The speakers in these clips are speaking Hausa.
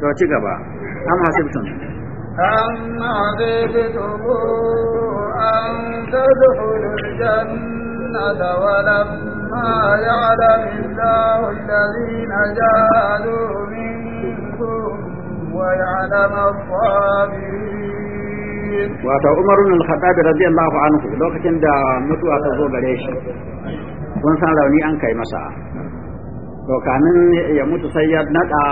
to ci gaba am hasibtum an tadkhulu jannata wa lam ma ya'lam illahu alladhina jahadu minkum wa lokacin da mutuwa ta zo gare shi kun san rauni an kai masa to ya mutu sai ya nada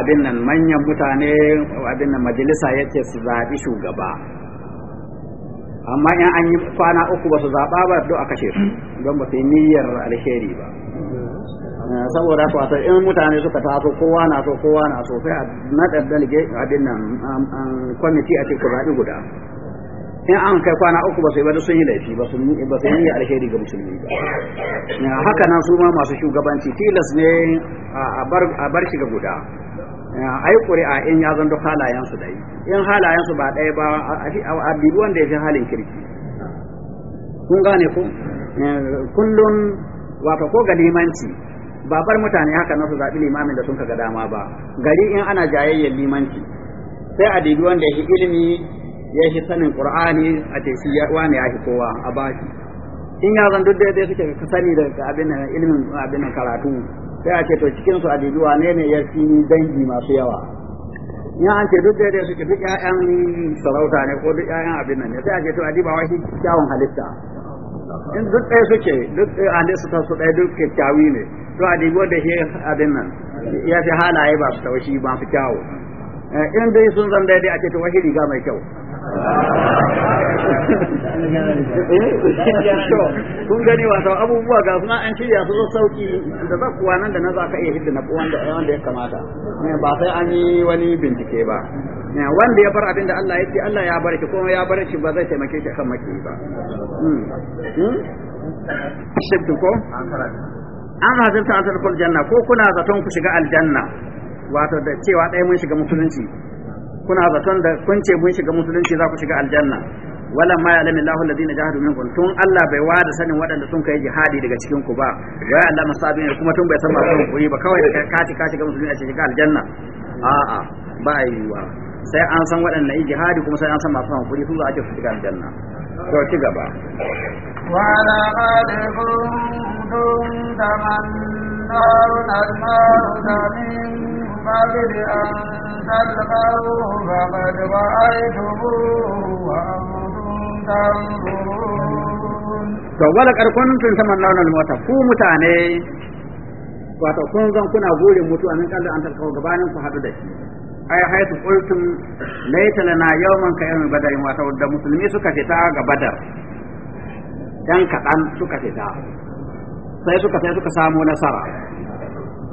abin nan manyan mutane abin nan majalisa yake su zaɓi shugaba amma in an yi kwana uku ba su zaɓa ba duk a kashe su don ba su yi niyyar alheri ba eh, saboda ko in mutane suka taso kowa na so kowa na so sai a naɗa dalge abin nan kwamiti a cikin zaɓi guda in an kai kwana uku ba su yi ba sun yi laifi ba su yi alheri ga musulmi ba haka nan su ma masu shugabanci tilas ne a bar shi ga guda a ƙuri'a in ya zan duk halayensu dai. yi in halayensu ba ɗaya ba a bibi wanda ya fi halin kirki kun gane ku kullum wato ko ga limanci ba bar mutane haka na su zaɓi limamin da sun ka ga dama ba gari in ana jayayyar limanci sai a dibi wanda ya fi ilimi ya shi sanin qur'ani a ya shi ne ya shi kowa a bashi in ya zan duk dai suke ka sani da abin nan ilimin abin nan karatu sai a ce to cikin su adidu wane ne ya fi dangi masu yawa in an ce duk dai suke duk ƴaƴan sarauta ne ko duk ƴaƴan abin nan ne sai a ce to adiba wai shi kyawun halitta in duk ɗaya suke duk halitta su ɗaya duk kyakkyawi ne to adibo da shi abin nan ya fi halaye ba su taushi ba su kyawu Eh, in dai sun zan daidai a cikin to riga mai kyau kun gani wata abubuwa ga suna an shirya su zo sauki da za kuwa nan da na za ka iya hidda na wanda ya kamata eh, ba sai an yi wani bincike ba eh, wanda ya bar abin da Allah ya ce Allah ya bar shi kuma ya bar shi ba zai taimake shi kan maki ba hmm. Hmm? shibtu ko an hazirta an tarkul janna ko kuna zaton ku shiga aljanna wato da cewa ɗaya mun shiga musulunci kuna zaton da kun ce mun shiga musulunci za ku shiga aljanna wala ma ya'lamu Allahu alladhina jahadu minkum tun Allah bai wada sanin waɗanda sun kai jihadi daga cikin ku ba wa allama sabin kuma tun bai san masu kuri ba kawai da kati ka shiga musulunci a shiga aljanna a'a ba yiwa sai an san waɗanda yi jihadi kuma sai an san masu hankuri su ake su shiga aljanna to ci gaba ولقد كنتم تمنون الموت من قبل to wala karkon tun saman launar mota ku mutane wato kun zan kuna burin mutu an kalla an tarkawo gabanin ku hadu da shi ai haitu qultum laita lana yawman ka yawmi badarin wato da musulmi suka fita ga badar dan kadan suka fita sai suka sai suka samu nasara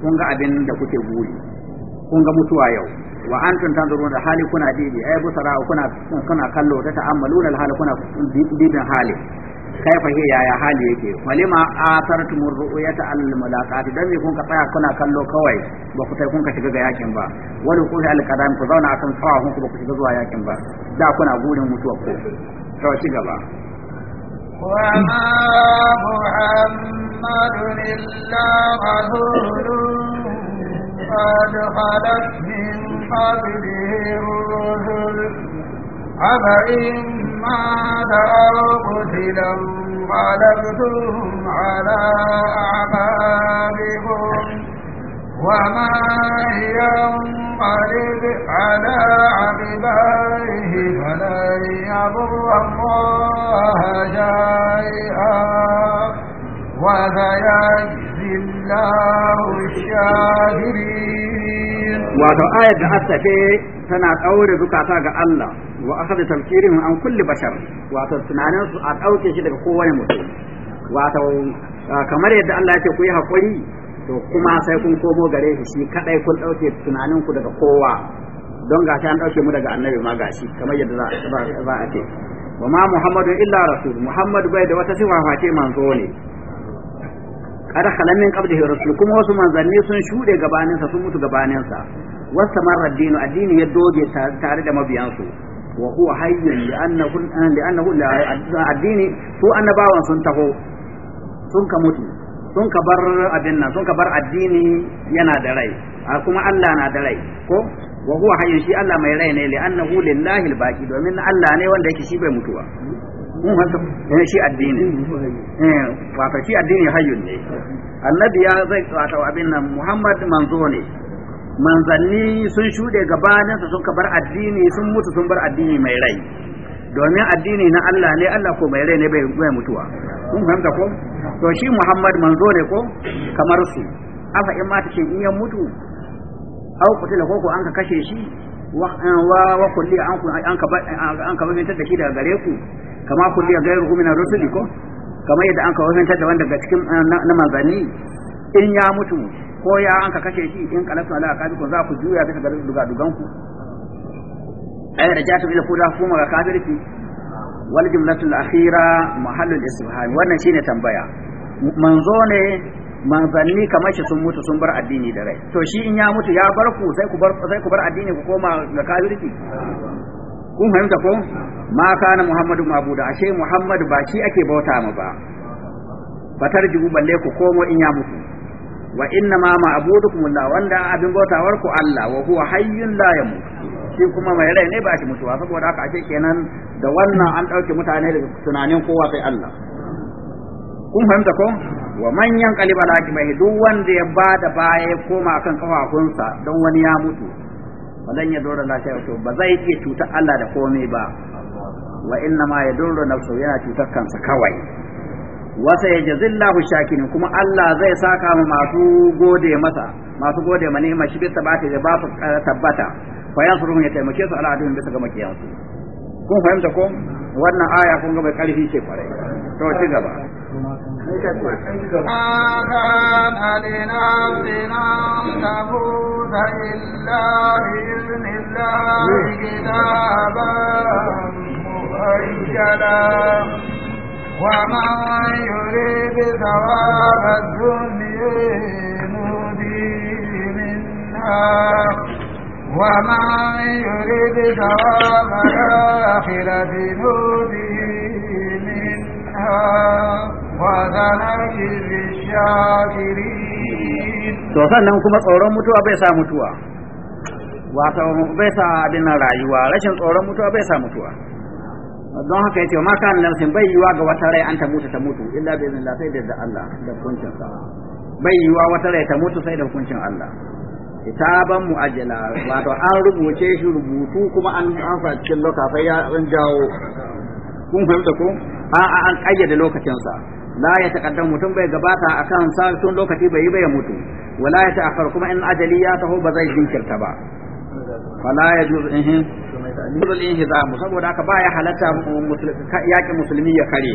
kun ga abin da kuke buri kun ga mutuwa yau wa antum tanzurun da hali kuna didi. ay busara kuna kuna kallo ta ta'ammaluna al hali kuna dibin hali kai fa yaya hali yake walima asartum ru'yata al mulaqati dan me kun ka tsaya kuna kallo kawai ba ku sai kun ka shiga ga yakin ba wani ku al qadam ku zauna akan tsawa maku ba ku shiga zuwa yakin ba da kuna gurin mutuwa ko to ci gaba وما محمد قد خلت من قبلهم الرسل أفإن مات أو قتل انقلبتم على أعقابكم وما ينقلب على عقبائه فلن يضر الله شيئا وسيجزي الله الشاكرين wato ayat da ce tana daure zukata ga Allah wa akhadha tafkirin an kulli bashar wato tunanin su a dauke shi daga kowane mutum wato kamar yadda Allah yake ku yi hakuri to kuma sai kun komo gare shi shi kadai kun dauke tunanin ku daga kowa don ga an dauke mu daga annabi ma gashi kamar yadda za a ce wa ma muhammadu illa rasul muhammad bai da wata sifa face manzo ne kada khalamin qablihi rasul kuma wasu manzanni sun shude gabanin sa sun mutu gabanin sa wasta marar dinu addini ya doge tare da mabiyansu wa huwa hayyun li'annahu li'annahu addini su annabawan sun taho sun ka mutu sun ka bar abin nan sun ka bar addini yana da rai kuma Allah na da rai ko wa huwa hayyun shi Allah mai rai ne li'annahu lillahi al-baqi domin Allah ne wanda yake shi bai mutuwa mun hanta eh shi addini eh shi addini ne annabi ya zai wato abin nan Muhammad manzo ne manzanni sun shude gabanin su sun bar addini sun mutu sun bar addini mai rai domin addini na Allah ne Allah ko mai rai ne bai mutuwa kun fahimta ko to shi Muhammad manzo ne ko kamar su afa in ma ta in ya mutu au kutila ko ko an ka kashe shi wa wa kulli an ku an ka an ka da shi daga gare ku kama kulli gairu min rusuli ko kama yadda an ka bayyana da wanda daga cikin eh, na manzani in ya mutu ko ya an ka kashe shi in kalatu ala ku za ku juya gare duga dugan ku ay rajatu ila kula kuma ga kafirki wal jumlatul akhira mahallul istifham wannan shine tambaya manzo ne manzanni kamar shi sun mutu sun bar addini da rai to shi in ya mutu ya bar ku sai ku bar sai ku bar addini ku koma ga kafirci kun fahimta ko ma kana muhammadu mabuda ashe muhammadu ba shi ake bauta ma ba fatar jibu balle ku komo in ya mutu wa inna ma ma'budukum la wanda abin bautawar ku Allah wa huwa hayyun la yamut shi kuma mai rai ne ba shi mutuwa saboda haka ake kenan da wannan an dauke mutane daga tunanin kowa sai Allah kun fahimta ko wa manyan kaliba laki mai duk wanda ya ba da baya ya koma kan kafafunsa don wani ya mutu zan ya dora lafiya to ba zai iya cuta Allah da komai ba wa inna ma ya dora so yana cutar kansa kawai wasa ya jazillahu shakirin kuma Allah zai saka mu masu gode masa masu gode ma ni'ima shi bisa bata da ba su tabbata fa yasruhu ya taimake su ala adun bisa ga makiyansu kun fahimta ko wannan aya kun ga mai karfi ce kwarai to ci gaba ما كان لنفس أن تموت إلا بإذن الله كتابا مؤجلا ومن يريد ثواب الدنيا نوديه منها ومن يريد ثواب الآخرة نوديه منها to sannan kuma tsoron mutuwa bai sa mutuwa wata bai sa abin rayuwa rashin tsoron mutuwa bai sa mutuwa don haka ya ce ma kan nafsin bai yiwa ga wata rai an ta mutu ta mutu illa bi iznillah sai da Allah da hukuncin sa bai yiwa wata rai ta mutu sai da hukuncin Allah kitaban mu'ajjala wato an rubuce shi rubutu kuma an an cikin lokaci ya an jawo kun fahimta ko a an kayyade lokacin sa la ya taqaddamu mutum bai gabata akan sa tun lokaci bai yi bai mutu wala ya ta'akhkhar kuma in ajali ya taho ba zai jinkirta ba fala ya juz in eh, eh. yuzul inhizam saboda haka baya halatta yaki musulmi ya kare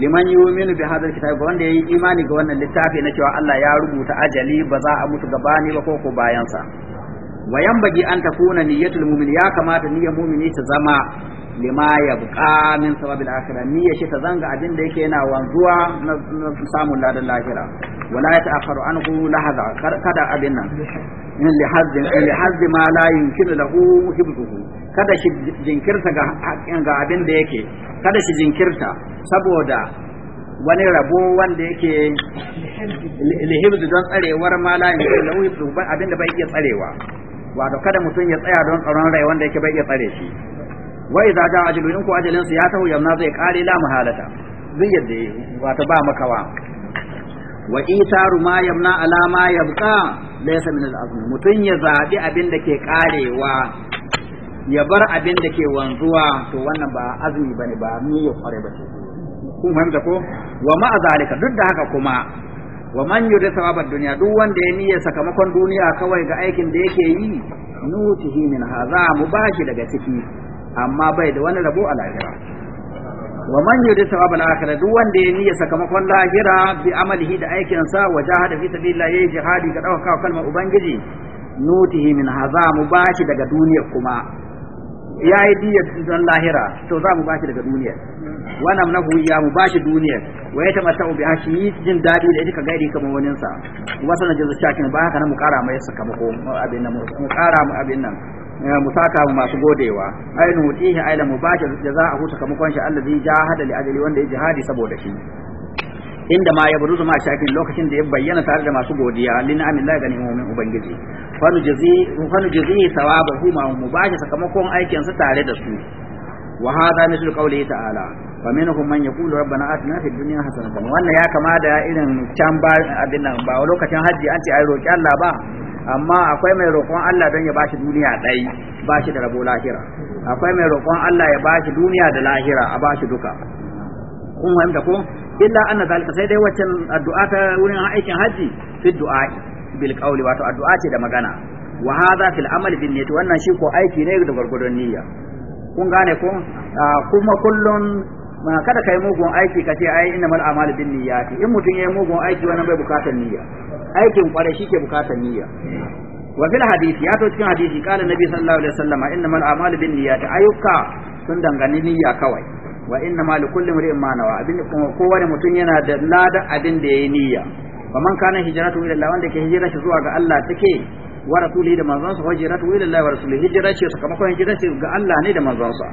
liman yu'minu bi hadha kitab ga wanda yayi imani ga wannan littafi na cewa Allah ya rubuta ajali ba za a mutu gabani ba ko ko bayan sa wa yambagi an takuna niyyatul mu'min ya kamata niyyar mu'mini ta zama lima ya buƙa min sababin akira ni ya ta zanga abin da yake yana wanzuwa na samun ladan lahira wala ya ta'akharu anhu lahaza kada abin nan in li ma in li hazzi ma la yumkinu lahu hibduhu kada shi jinkirta ga ga abin da yake kada shi jinkirta saboda wani rabo wanda yake lihibdu don tsarewar ma la yumkinu lahu hibduhu abin da bai iya tsarewa wato kada mutum ya tsaya don tsaron rai wanda yake bai iya tsare shi wa idza ja ajalu in ku ajalin su ya taho yamma zai kare la muhalata zai yadda ta ba makawa wa itaru ma yamna ala ma yabqa laysa min al-azm mutun ya zabi abin da ke karewa ya bar abin da ke wanzuwa to wannan ba azumi bane ba ni ya kware ba kun fahimta ko wa ma zalika duk da haka kuma wa man yuri sawabar duniya duk wanda ya niyya sakamakon duniya kawai ga aikin da yake yi nutihi min hadha mu bashi daga ciki amma bai da wani rabo a lahira wa man yuri sawab al akhirah duk wanda ya niyya sakamakon lahira bi amalihi da aikin sa wa jahada fi sabilillah yayi jihadi ga dauka kalmar ubangiji nutihi min hadha mu bashi daga duniya kuma yayi diya don lahira to za mu bashi daga duniya wa nahu ya mu bashi duniya wa ya tamata bi ashi jin dadi da ita gairi kamar wani sa wa sanan jazu shakin ba haka na mu kara mai sakamako abin nan mu kara mu abin nan Eh, musaka masu godewa ainu mutihi aila mubashir jaza'ahu sakamakon shi allazi jahada li ajali wanda ya jihadi saboda shi inda ma ya buruzu ma shakin lokacin da ya bayyana tare da masu godiya Lina amillahi ga ni'imomin ubangiji fanu jazi fanu jazi sawabahu ma mubashir sakamakon aikin sa tare da su wa hadha mislu qawli ta'ala fa minhum man yaqulu rabbana atina fid dunya hasanatan wannan ya kama da irin can ba abin nan ba lokacin hajji an ce ai roki Allah ba amma akwai mai roƙon Allah don ya bashi duniya ɗai bashi da rabo lahira akwai mai roƙon Allah ya bashi duniya da lahira a bashi duka kun fahimta ko illa anna zalika sai dai waccan addu'a ta wurin aikin hajji. fi du'a bil qawli wato addu'a ce da magana wa hadha fil amal bin niyyati wannan shi ko aiki ne da gurgurdon niyya kun gane ko kuma kullun kada kai mugun aiki kace ai innamal malamala bin niyyati in mutun yayi mugun aiki wannan bai bukatar niyya aikin kwarai shi ke bukatar niyya wa fil hadisi ya to cikin hadisi kana nabi sallallahu alaihi wasallama inna innamal a'mal bin niyyati ayyuka sun dangane niyya kawai wa inna innamal kulli imrin ma nawa abin kuma kowane mutum yana da ladan abin da yayi niyya fa man kana hijratu ila Allah wanda ke hijira shi zuwa ga Allah take wa rasulihi da manzon sa hijratu ila Allah wa rasulihi hijira shi sakamakon hijira shi ga Allah ne da manzon sa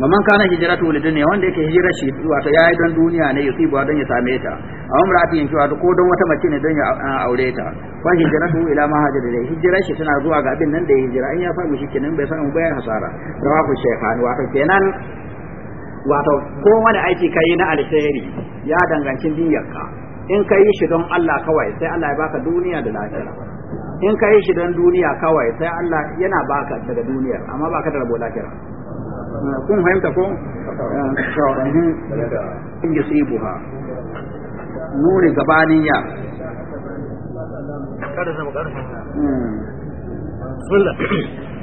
wa man kana hijratu li dunya wanda yake hijira shi wato yayi don duniya ne ba don ya same ta amma mar'ati yanki wato ko don wata mace ne don ya aure ta fa hijratu ila ma hajara da hijira shi tana zuwa ga abin nan da ya hijira an ya samu shi kenan bai samu bayan hasara rawahu shaykhan wato kenan wato ko wani aiki kai na alheri ya danganci ka, in ka yi shi don Allah kawai sai Allah ya baka duniya da lafiya in ka yi shi don duniya kawai sai Allah yana baka daga duniyar amma baka da rabo lafiya kun fahimta ko eh, in yusibuha nuni ya hmm.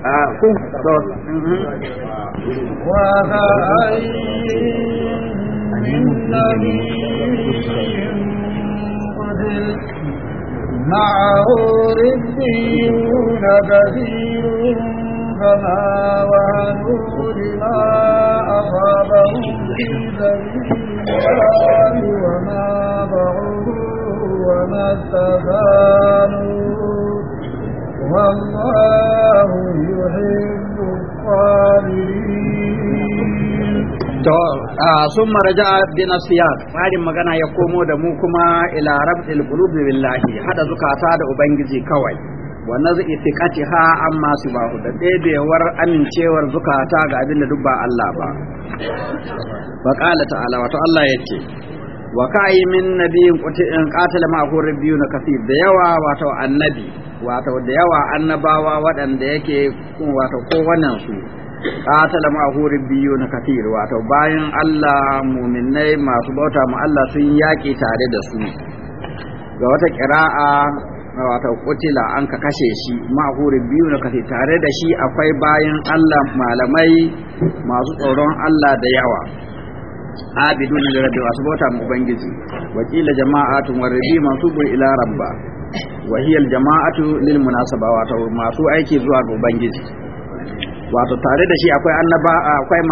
ah, hmm. kada zama ربنا وهنوا لما أصابهم في وما ضعوه وما استفانوا والله يحب الصابرين to sun maraja siyar tsarin magana ya komo da mu kuma ila rabdil qulubi billahi hada zukata da ubangiji kawai wa naz'i ha amma hu da ɗebewar amincewar zukata ga abin da duk ba Allah ba wa qala ta'ala wato Allah yake wa kai min nabiyin in qatala rabbiyu na kathir da yawa wato annabi wato da yawa annabawa waɗanda yake wato kowannen su qatala ma'ahu na kathir wato bayan Allah mu'minai masu bauta mu Allah sun yaki tare da su ga wata ƙira'a wato kutila an ka kashe shi ma'huri biyu na kashe tare da shi akwai bayan Allah malamai masu tsoron Allah da yawa abidun da rabbi wasu bauta mu ubangiji wakila jama'atun warabi bu ila rabba wa hiya jama'atu lil munasaba wata masu aiki zuwa ga ubangiji wato tare da shi akwai annaba akwai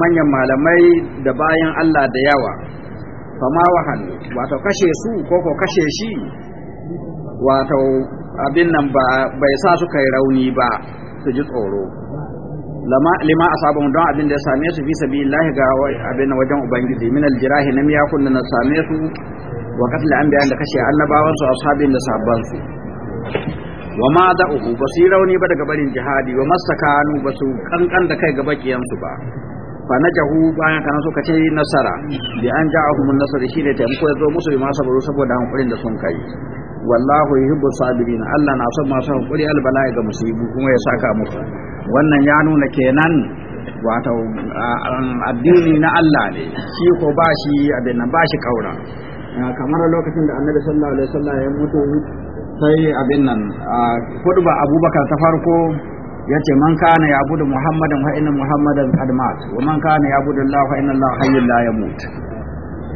manyan malamai da bayan Allah da yawa fama wahan wato kashe su ko ko kashe shi wato abin nan bai sa su kai rauni ba su ji tsoro lima asabu don abin da ya same su fi sabilillahi ga abin wajen ubangiji min aljirahi na miyakun da na same su wa qatl anbiya da kashe annabawan su ashabin da sabban su wa ma da su yi rauni ba daga barin jihadi wa masakanu su kankan da kai ga bakiyan su ba fa najahu bayan kana suka ce nasara bi an ja'ahum an shi shine taimako ya zo musu bi ma saboda hankulin da sun kai wallahu yuhibbu sabirin Allah na son masu hakuri albala'i ga musibu kuma ya saka muku wannan ya nuna kenan wato addini na Allah ne shi ko ba shi abin ba shi kaura kamar lokacin da annabi sallallahu alaihi wasallam ya mutu sai abin nan hudba abubakar ta farko ya ce man kana ya budu muhammadan fa inna muhammadan qad mat wa man kana ya budu allah fa inna allah hayyul la yamut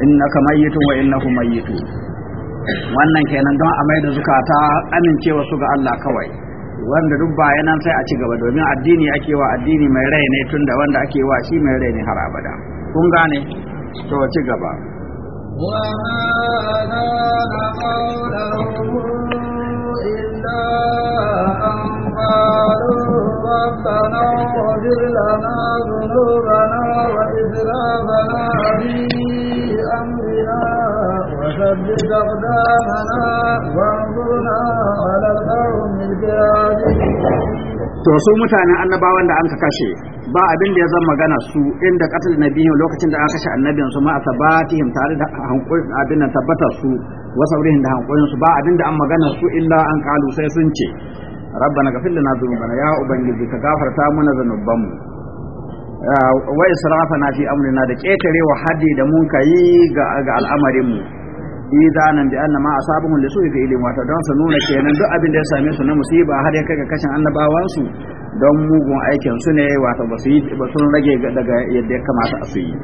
innaka mayyitun wa innahum mayyitun wannan kenan don a mai da zukata amincewa su ga Allah kawai wanda duk bayanan sai a ci gaba domin addini ake wa addini mai rai ne tunda wanda ake wa shi mai rai ne har abada kun gane to ci gaba وثبت أقدامنا وانظرنا على القوم الكافرين to su mutanen annabawan da anka kashe ba abin da ya zama magana su inda katil biyu lokacin da aka kashe annabin su ma sabatihim tare da hankulin abin da tabbata su wa wurin da hankulin su ba abin da an magana su illa an kalu sai sun ce rabbana gafil lana dhunubana ya ubangiji ka gafarta mana zanubanmu wa na fi amrina da ketarewa haddi da mun kai ga al'amarin mu idanan bi annama ma asabuhum li su'i fi'lin wato don su nuna kenan duk abin da ya same su na musiba har ya kai ga kashin annabawan su don mugun aikin su ne wato ba su yi ba sun rage daga yadda ya kamata a su yi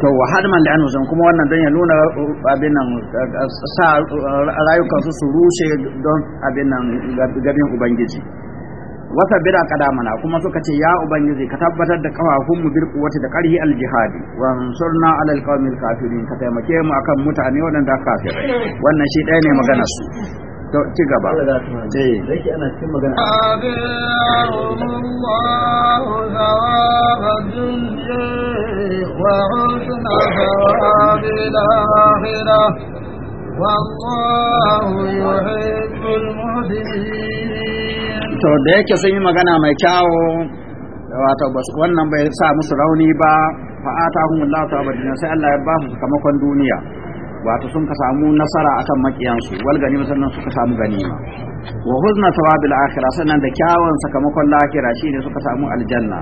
to wa hadman da annusan kuma wannan don ya nuna uh, abin nan uh, sa uh, rayukan su su rushe don abin nan gabin ubangiji wasa bira mana kuma suka ce ya ubangiji ka tabbatar da kafafunmu bil quwwati da karhi al jihadi wa ansurna ala al qawmil kafirin ka taimake mu akan mutane waɗanda kafirai wannan shi ɗaya ne magana su to ci gaba sai ana cikin magana Allahu zawabun wa husna sawabil akhirah والله يحب المحسنين to da yake sun yi magana mai kyawo wato wannan bai sa musu rauni ba fa atahum Allah ta'ala dunya sai Allah ya ba su sakamakon duniya wato sun ka samu nasara akan makiyansu wal gani sannan suka samu ganima wa huzna thawabil akhira sannan da kyawun sakamakon lahira shine suka samu aljanna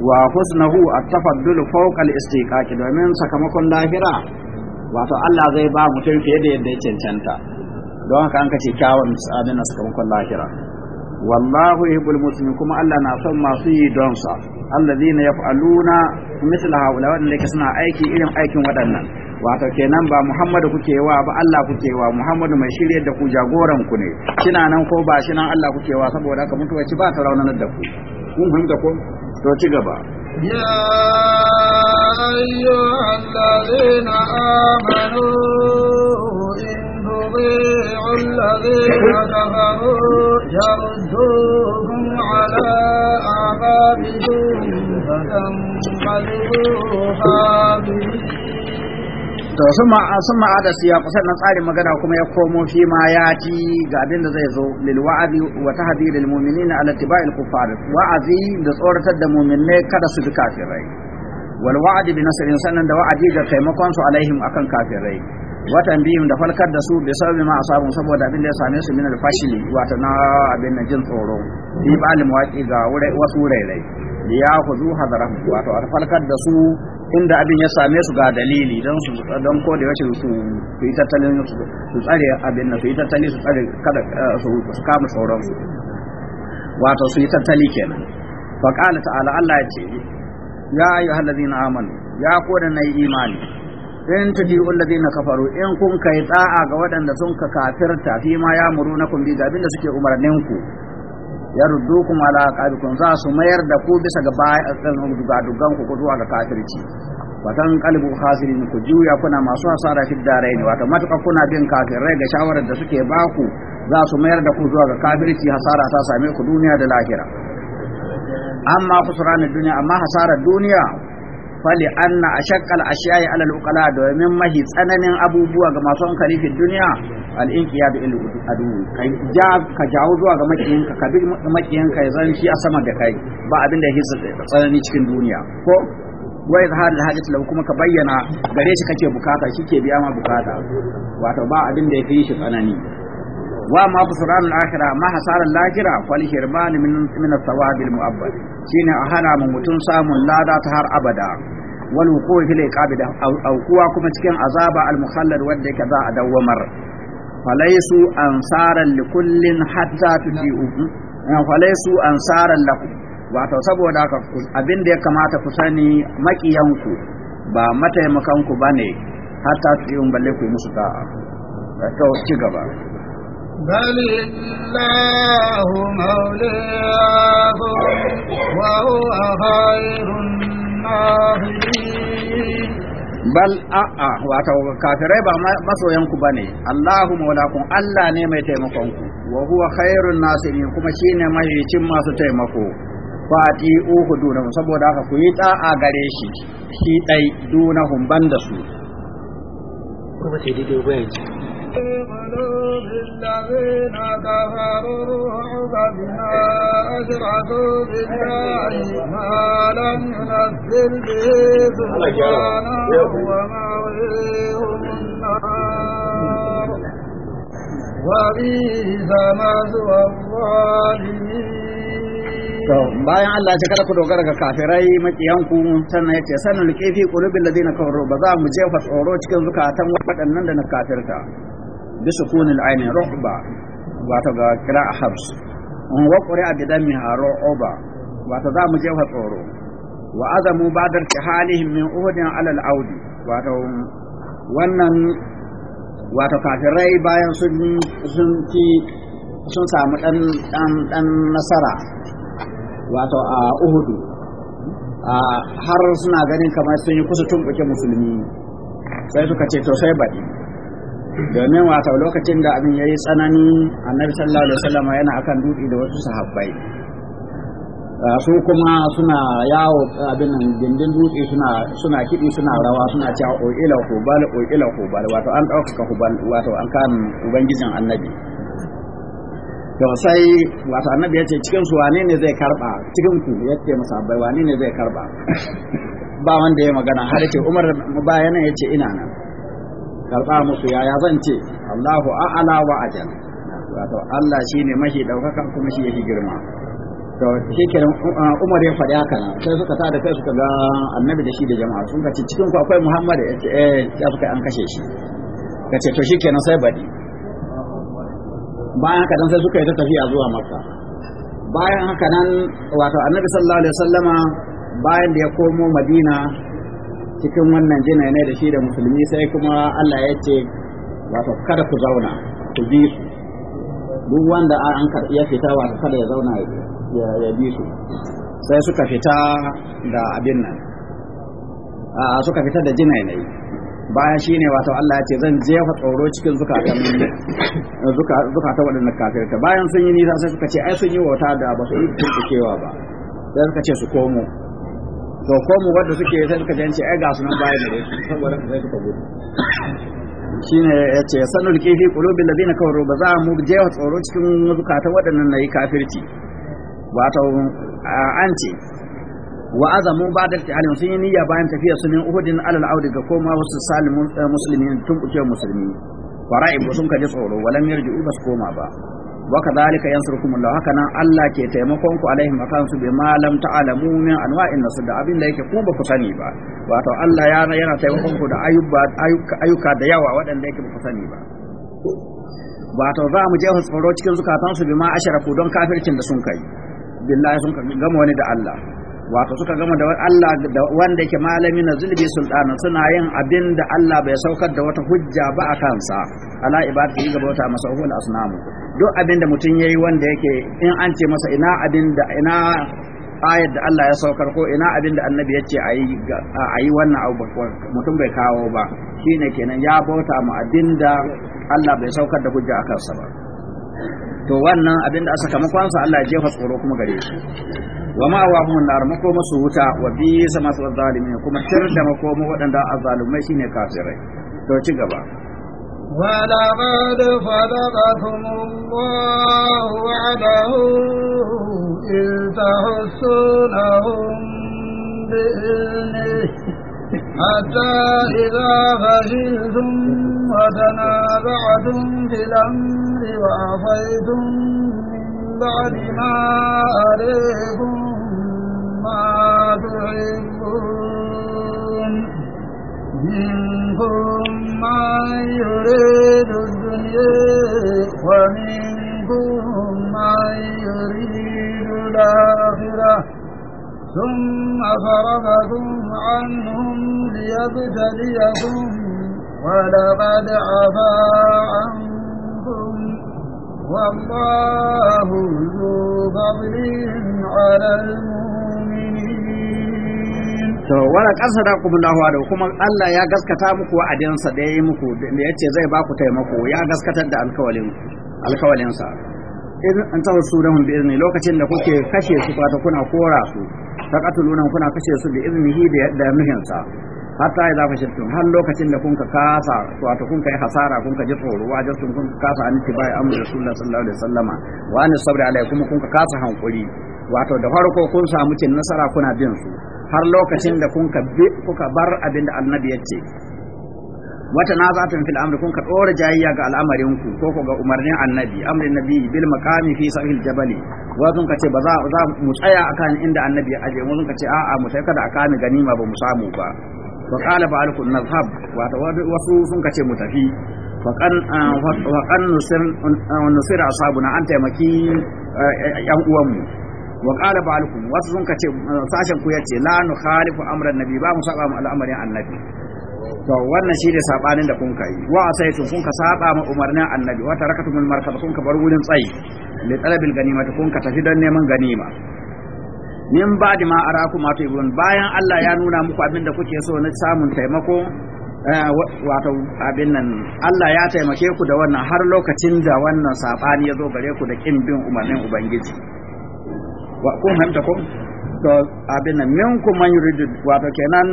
wa husnahu at-tafaddul fawqa al domin sakamakon lahira wato Allah zai ba mutum fiye da yadda ya cancanta don haka an kace kyawun abin sakamakon lahira والله يحب المسلمين kuma Allah na son masu yi don sa allazina yaf'aluna haula wanda ke suna aiki irin aikin waɗannan wato kenan ba Muhammadu kuke wa ba Allah kuke wa Muhammadu mai shirye da ku jagoran ku ne kina nan ko ba shi nan Allah kuke wa saboda haka mutuwa ci ba ta da ku kun ko to ci gaba يا أيها الذين آمنوا ya to sun ma ada siya kusan na tsarin magana kuma ya komo fi ma ya ci ga abin da zai zo lilwa'azi wa wa hadi lil mu'minina ala tiba'il kuffar wa'azi da tsoratar da mu'minai kada su bi kafirai wal wa'di bi nasrin sanan da wa'adi ga taimakon su alaihim akan kafirai watan biyu da falkar da su bai sauri ma a asabun saboda abin da ya same su min alfashi wata na abin na jin tsoro fi ba almuwaqi ga wasu rairai da ya huzu hadaran wato a falkar da su inda abin ya same su ga dalili don su don ko da yace su yi tattalin su tsare abin na su yi tattali su tsare kada eh, su kama tsoron su wato su yi tattali kenan fa qala ta'ala Allah ya ce ya ayyuhallazina amanu ya kodan nayi imani in zai alladhina kafaru in kun kai da'a ga waɗanda sun ka kafirta fi ma ya na bi ga da suke umarnin ku kuma ala aqabikum za su mayar da ku bisa ga ku zuwa ga kafirci watan qalbu khasirin ku juya kuna masu hasara fi daraini wato matuƙa kuna bin kafirai ga shawarar da suke baku za su mayar da ku zuwa ga kafirci hasara ta same ku duniya da lahira amma khusranin duniya amma hasarar duniya fali anna ashaqqal ashiya'i alal uqala domin mahi tsananin abubuwa ga masu hankali fi duniya al inqiyadu il adu kai ja ka jawo zuwa ga makiyinka ka bi makiyinka ya zan shi a sama da kai ba abin da hisa tsanani cikin duniya ko wa zahar da hajat law kuma ka bayyana gare shi kake bukata shi ke biya ma bukata wato ba abin da yafi shi tsanani wa ma khusran al-akhirah ma hasaran al-akhirah fal hirman min min al-thawab al-mu'abbad shine a hana mu mutum samun lada ta har abada Wani wal wuqu' fil iqab da aukuwa kuma cikin azaba al-mukhallad wadda yake za a dawwamar falaisu ansaran li kullin hatta tudiu eh, falaisu ansaran lakum wato saboda haka abin da ya kamata ku sani makiyanku ba mataimakanku ba bane hatta tudiu balle ku yi musu da'a to ci gaba بل a مولاكم bal a'a wato kafirai ba masoyanku bane Allahu maulakum Allah ne mai taimakonku wa huwa khairun nasirin kuma shine cin masu taimako fati uku dunahum saboda haka ku yi ta'a gare shi shi dai dunahum banda su kuma قلوب الذين كفروا بالله ما لم ينزل به النار وبئس مثوى الظالمين bayan Allah ya kada ku dogara ga kafirai makiyanku sannan ya ce sanin kifi qulubil na kafaru ba za mu jefa tsoro cikin zukatan waɗannan da na kafirta بسكون العين ainihin ruhba wato حبس kira a رعبا wa مجوه طورو وعظموا بعد ارتحالهم wato za mu jefa tsoro wa azamu badar wannan wato kafirai bayan sun sun ci sun samu dan nasara wato a uhudu a har suna ganin kamar sun yi kusa tumbuke musulmi sai suka ce to sai baɗi domin wata lokacin da abin ya yi tsanani annabi sallallahu alaihi wasallam yana akan dutse da wasu sahabbai ah, su kuma suna yawo abin nan gindin dutse suna suna kiɗi suna rawa suna cewa oila hubal oila hubal wato an ɗaukaka hubal wato an kan ubangijin annabi to sai wato annabi ya ce cikin su wane ne zai karba cikin ku ya ce musabbai wane ne zai karba ba wanda ya magana har ce umar ba yana ya ce ina nan karɓa musu yaya zan ce Allahu a'ala wa ajal wato Allah shine mashi daukaka kuma shi yake girma to shi um, uh, Umar ya faɗi haka nan sai suka tada kai suka ga Annabi da shi da jama'a sun ga cikin ku akwai Muhammad ya ce eh ya suka an kashe shi ka ce to shikenan sai bari. bayan haka dan sai suka yi ta tafiya zuwa Makka bayan haka nan wato Annabi sallallahu alaihi wasallama bayan da ya komo Madina cikin wannan jina ne da shi da musulmi sai kuma Allah ya ce wato kada ku zauna ku bi su duk wanda an ya fita wato kada ya zauna ya bi su sai suka fita da abin nan a suka fita da jina ne bayan shi ne wato Allah ya ce zan jefa tsoro cikin zukatan zukatan waɗannan kafirta bayan sun yi nisa sai suka ce ai sun yi wata da ba su yi tuntukewa ba sai suka ce su komo to ko mu wanda suke sai suka jance ai ga sunan bayan da saboda sai suka gudu shine yace sanul kifi qulubi ladina kafaru ba za mu je tsoro cikin zukatan waɗannan nayi kafirci wato an ce wa azamu ba'da al-ta'alim sun yi niyya bayan tafiya sunan uhudin alal audi ga koma wasu salimin eh, muslimin tun kuce musulmi fara'i sun kaje tsoro walan yarji ubas koma ba Waka wa kadhalika yansurkumullahu haka nan Allah ke taimakon ku alaihim akan su bi malam lam ta'lamu min anwa'in nasu da abin da yake ku ba ku sani ba wato Allah ya yana taimakon ku da ayyuka ayyuka da yawa waɗanda yake ba ku sani ba wato za mu je tsoro cikin zukatan su bi ma ku don kafircin da sun kai billahi sun gama wani da Allah wato suka gama da Allah da wanda yake malami na zulbi sultana suna yin abin da Allah bai saukar da wata hujja ba a kansa ala ibadati ga bauta masahul asnamu duk abin da mutum yi wanda yake in an ce masa ina abin da ina ayar da Allah ya saukar ko ina abin da annabi ya ce a yi wannan abu mutum bai kawo ba shine kenan ya bauta mu abin da Allah bai saukar da hujja a kansa ba to wannan abin da aka kama kwansa Allah ya jefa tsoro kuma gare shi wa ma wa mun nar mako masu wuta wa bi sama zalimin kuma tir da mako mu waɗanda azzalumai shine kafirai to ci gaba ولقد صدقكم الله وعده إذ تحسونهم بإذنه حتى إذا فشلتم وتنازعتم في الأمر وعصيتم من بعد ما عليكم ما تحبون منكم من يريد الدنيا ومنكم من يريد الآخرة ثم فرغكم عنهم ليبتليكم ولقد عفا عنكم والله ذو فضل على المؤمنين to wala kasada kuma da da kuma Allah ya gaskata muku wa'adinsa da yayi muku da yace zai ba ku taimako ya gaskatar da alkawalin alkawalin sa idan an tawo su da bi izni lokacin da kuke kashe su fata kuna kora su ta katuluna kuna kashe su da iznihi da yadda muhin sa hatta idza tun, har lokacin da kun ka kasa wato kun kai hasara kun ka ji tsoro wa jasun kun kasa an tibai amru rasulullah sallallahu alaihi wasallama wa an sabri alaikum kun ka kasa hankuri wato da farko kun samu cin nasara kuna bin su har lokacin da kun kuka bar abin da annabi ya ce wata na ta fil amri kun ka dora jayayya ga al'amarin ku ko ku ga umarnin annabi amrin nabi bil maqami fi sahil jabali wa sun kace ba za za mu tsaya akan inda annabi ya aje mu sun kace a'a mu tsaya kada aka ni ganima ba mu samu ba fa qala ba'alukum nazhab wa wasu sun kace mu tafi fa kan wa kan nusir nusir ashabuna an taimaki eh, yan uwan mu wa qala ba'alkum wasu sun kace sashen ku yace la nu khalifu amran nabi ba mu saba mu al'amarin annabi to wannan shi ne sabanin da kun kai wa to kun ka saba mu umarnin annabi wa tarakatumul markaba kun ka bar wurin tsayi li talabil ganimati kun ka tafi don neman ganima min ba'di ma araku ma tayyibun bayan Allah ya nuna muku abin da kuke so na samun taimako eh, wato abin nan Allah ya taimake ku da wannan har lokacin da wannan sabani ya zo gare ku da kin bin umarnin ubangiji Wa kun hanta ko to abin nan minkum man yuridu wato kenan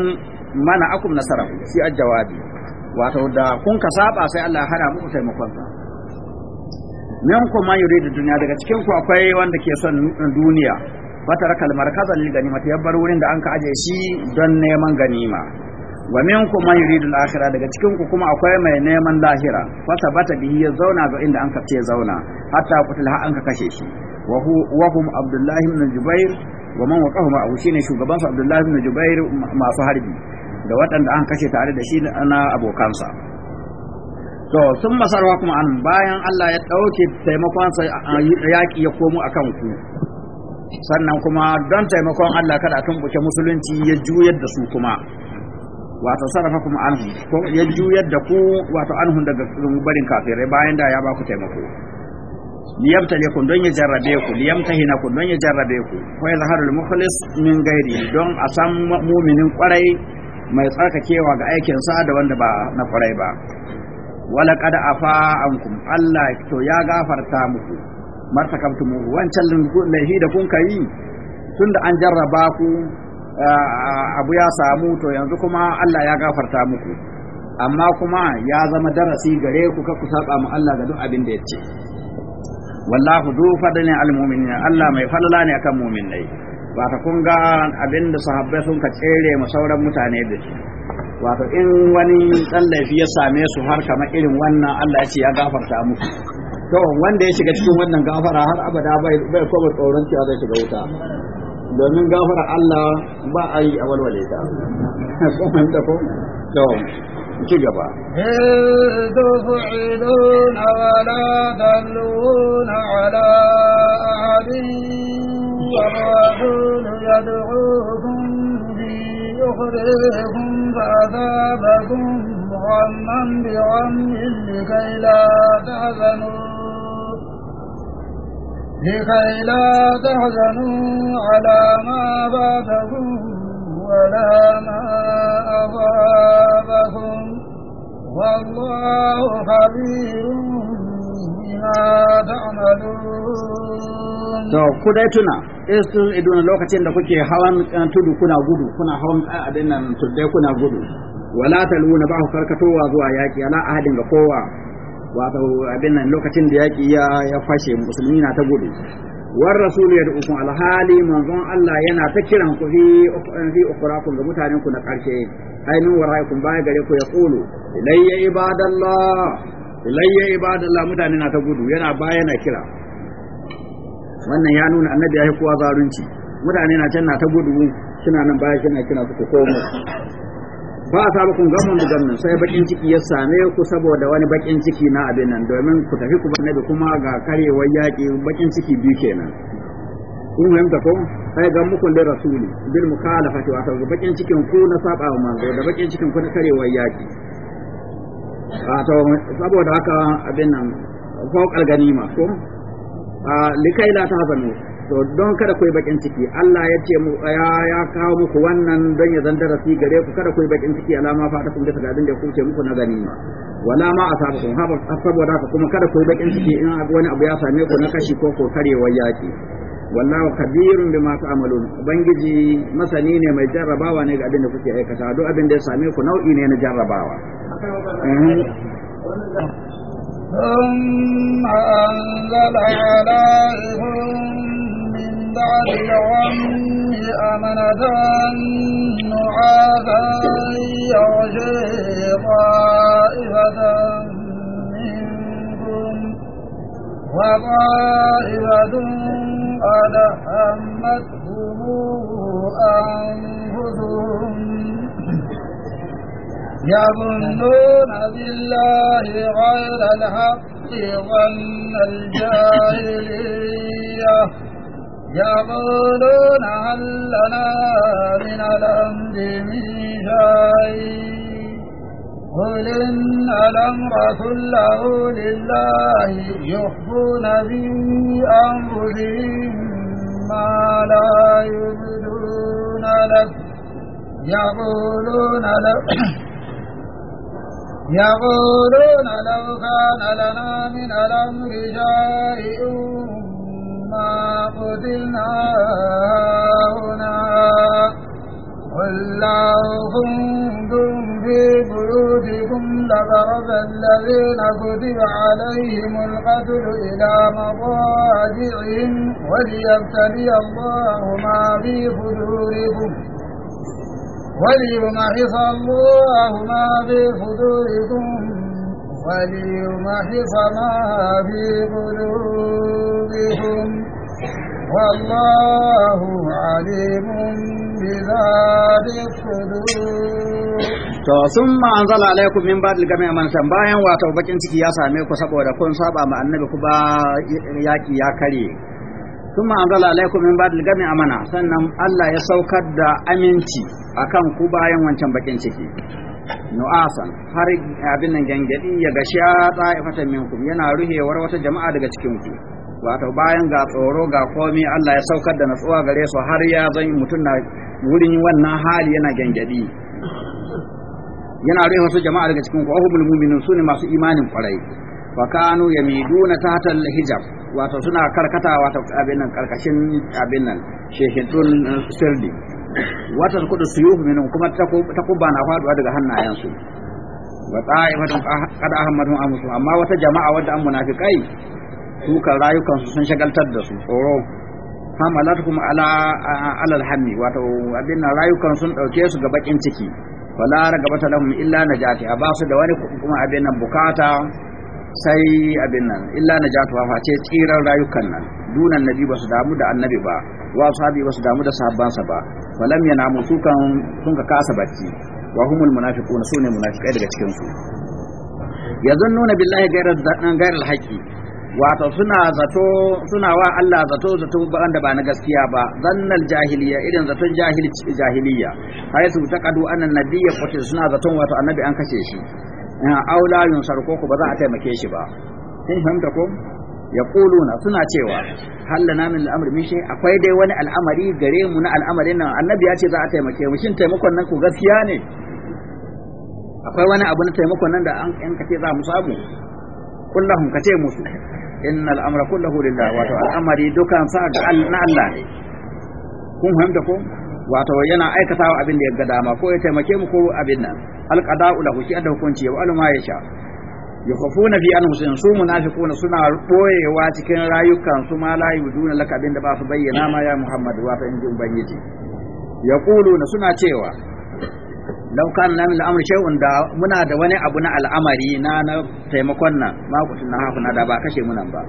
mana akum nasara shi jawabi wato da kun ka saba sai Allah hana muku taimakon sa minkum man yuridu duniya, daga cikin ku akwai wanda ke son duniya fatara kalmar kaza lil ganima ta yabbar wurin da an ka aje shi don neman ganima wa ku man yuridu al-akhirah daga cikin ku kuma akwai mai neman lahira fa sabata bihi ya zauna ga inda an ka ce zauna hatta kutul ha an ka kashe shi wa hum abdullahi ibn jubair wa man waqahuma abu shine shugaban abdullahi ibn jubair masu harbi da waɗanda an kashe tare da shi na abokansa to sun masarwa kuma an bayan Allah ya ɗauke taimakonsa yaƙi ya komo a ku sannan kuma don taimakon Allah kada a tumɓuke musulunci ya juya da su kuma wato sarrafa kuma anhu ya juyar da ku wato anhu daga barin kafirai bayan da ya baku taimako ku don ya jarrabe ku ku don ya jarrabe ku ya zaharul mukhlis min gairi don a san mu'minin kwarai mai tsarkakewa ga aikin sa da wanda ba na kwarai ba wala qad afa ankum Allah to ya gafarta muku mu wancan laifi da kun kai tunda an jarraba ku eh, abu ya samu to yanzu kuma Allah ya gafarta muku amma kuma ya zama darasi gare ku ka ku saba mu Allah ga duk abin da ya ce wallahu du fadlin al mu'minin Allah mai falala ne akan mu'minai ta kun ga abin da sahabbai sun ka tsere ma sauran mutane da shi wato in wani dan laifi ya same su har kamar irin wannan Allah ya ce ya gafarta muku to wanda ya shiga cikin wannan gafara har abada bai bai kuma tsoron cewa zai shiga wuta domin gafara Allah ba a yi a walwale ta to ci gaba tufiluna wa la talluna ala ahadin wa لكي لا تحزنوا على ما فاتكم ولا ما أضابهم والله خبير بما تعملون to ku dai tuna iduna lokacin da kuke hawan eh, tudu kuna gudu kuna hawan eh, abin nan tuddai kuna gudu wala taluna ba ku karkatowa zuwa yaki ala ahadin ga kowa wato abin nan lokacin da yaki ya ya fashe musulmi na ta gudu war rasul duku al hali manzon Allah yana ta kiran ku fi eh, fi ukurakum ga mutanen ku na karshe ainin waraikum baya gare ku ya kulu, ilayya ibadallah ilayya ibadallah mutane na ta gudu yana baya na kira wannan ya nuna annabi ya yi kowa zarunci mutane na can na ta gudu suna nan baya suna kira su ko komo samu kun gamun da gamin sai bakin ciki ya same ku saboda wani bakin ciki na abin nan domin ku tafi ku banne kuma ga karewar yaƙi bakin ciki biyu kenan kun fahimta ko sai ga muku da rasuli bil mukhalafati wa sai bakin cikin ku na saba wa manzo da bakin cikin ku na karewar a to saboda haka abin nan fawqal ganima ko likai la tahzanu to don kada ku yi bakin ciki Allah ya ce ya ya kawo muku wannan don ya zanda darasi gare ku kada ku yi bakin ciki alama fa kun ga gadin da ce muku na gani ma. wala ma asabakum haba saboda ka kuma kada ku yi bakin ciki in wani abu ya same ku na kashi ko ko karewar yaki wallahu kabirun bima ta'malun ubangiji masani ne mai jarrabawa ne ga abin kuke aikata duk abin da ya same ku nau'i ne na jarrabawa mhm. ثم أنزل عليهم من بعد الغم أمنة نعافا يغشي طائفة منكم وطائفة قد همتهم أنفسهم يظنون بالله غير الحق ظن الجاهليه يقولون هل لنا من الأمر من شيء قل إن الأمر كله لله يخفون في أنفسهم ما لا يبدون لك يقولون لك يقولون لو كان لنا من الأمر شيء لما قتلنا هنا والله كنتم في بيوتكم لبرز الذين كتب عليهم القتل إلى مضاجعهم وليبتلي الله ما في صدوركم وليمحص الله ما في صدوركم وليمحص ما في قلوبهم والله عليم بذات الصدور to sun ma'anzala alaikum min ba'dil game mantan bayan wato bakin ciki ya same ku saboda kun saba ma annabi ku ba yaki ya kare sun ma'anzala alaikum min ba'dil game amana sannan Allah ya saukar da aminci akan ku bayan wancan bakin ciki nu'asan har abin nan gangadi ya ga sha ta'ifatan minkum yana ruhewar wata jama'a daga cikin ku wato bayan ga tsoro ga komi Allah ya saukar da natsuwa gare su har ya zan mutum na wurin wannan hali yana gangadi yana ruhewar wasu jama'a daga cikin ku ahumul mu'minun sune masu imanin kwarai wa kanu yamiduna tahta al-hijab wato suna karkata wato abin nan karkashin abin nan shehidun eh, sirdi watan kudu suyuf minhum kuma takubba na faduwa daga hannayensu wa ta'ifatun qad ahmadun amsu amma wata jama'a wadda an munafikai su kan rayukan su sun shagaltar da su tsoro hamalatkum ala ala alhammi wato abin rayukan sun dauke su ga bakin ciki fala ragabata lahum illa najati ba su da wani kuma abin nan bukata sai abin nan illa na jatu fa ce tsiran rayukan nan dunan nabi ba su damu da annabi ba wa sahabi ba su damu da sahabbansa ba falam namu su kan sun ka kasa bacci wa humul munafiqun sune munafiqai daga cikin su yazannuna billahi ghayra ghayra haqqi wato suna zato suna wa Allah zato zato da ba na gaskiya ba zannal jahiliya irin zaton jahiliya jahiliya hayatu taqadu anna nabiyya qatil suna zaton wato annabi an kace shi Eh, aula ku ba za a taimake shi ba kin fahimta ko yaquluna suna cewa hallana min min shay akwai dai wani al'amari gare mu na al'amarin nan annabi ya ce za a taimake mu shin taimakon nan ku gaskiya ne akwai wani abu na taimakon nan da an kace za mu samu kullahum kace musu innal amra kullahu lillah wato al'amari dukan sa ga Allah ne kun fahimta ko wato yana aikata wa abin da ya ga dama ko ya taimake mu ko abin nan alqada'u lahu shi da hukunci wa alma ya sha yakhafuna fi anfusihim su munafiquna suna boyewa cikin rayukan su ma la yuduna laka abin da ba su bayyana ma ya muhammad wato in Ya ubangiji yaquluna suna cewa law kana lana al'amr shay'un da muna da wani abu na al'amari na na taimakon nan ma haku na da ba kashe mu nan ba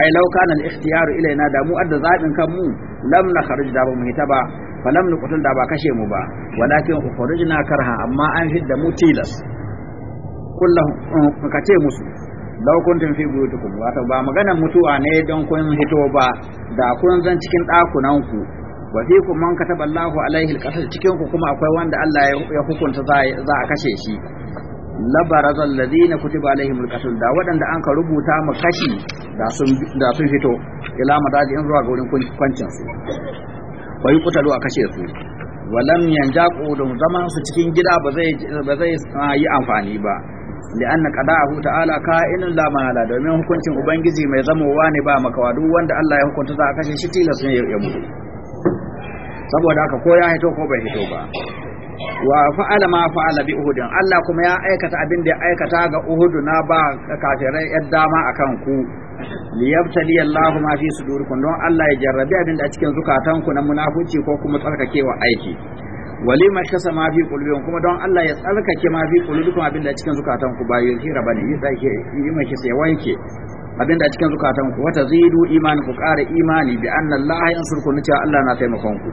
ai law kana al-ikhtiyaru ilaina da mu adda zabin kan mu lam na kharij da ba mu hita ba falam nu kutun da ba kashe mu ba walakin ukhrijna karha amma an hidda mu tilas kullahum mm, ka ce musu law kuntum fi buyutikum wato ba magana mutuwa ne don kun hito ba da kun zan cikin dakunan ku wa kum man kataba Allahu alaihi alqatl cikin ku kuma akwai wanda Allah ya hukunta za a kashe shi labaraza ladina kutiba alaihim alqatl da waɗanda an ka rubuta mu kashi da sun da sun hito ila madadi in zuwa ga wurin kwancin su fa yuqtalu a kashe su walam yanja qudum zaman su cikin gida ba zai ba zai yi amfani ba li'anna qada'ahu ta'ala ka'inun la mahala domin hukuncin ubangiji mai zamowa ne ba makawa duk wanda Allah ya hukunta za a kashe shi tilas ne ya mutu saboda haka ko ya hito ko bai hito ba wa fa'ala ma fa'ala bi uhudin Allah kuma ya aikata abin da ya aikata ga uhudu na ba kafirai yar dama akan ku liyabtali Allah ma fi sudurikum don Allah ya jarrabi abin da a cikin zukatanku na munafuci ko kuma tsarkakewa aiki wali ma kasa ma fi qulubikum kuma don Allah ya tsarkake ma fi qulubikum abin da a cikin zukatanku ba yuzhira bane yi sake yi ma kisa ya wanke abin da a cikin zukatanku wata zidu imani ku ƙara imani bi anna Allah ni nace Allah na taimakon ku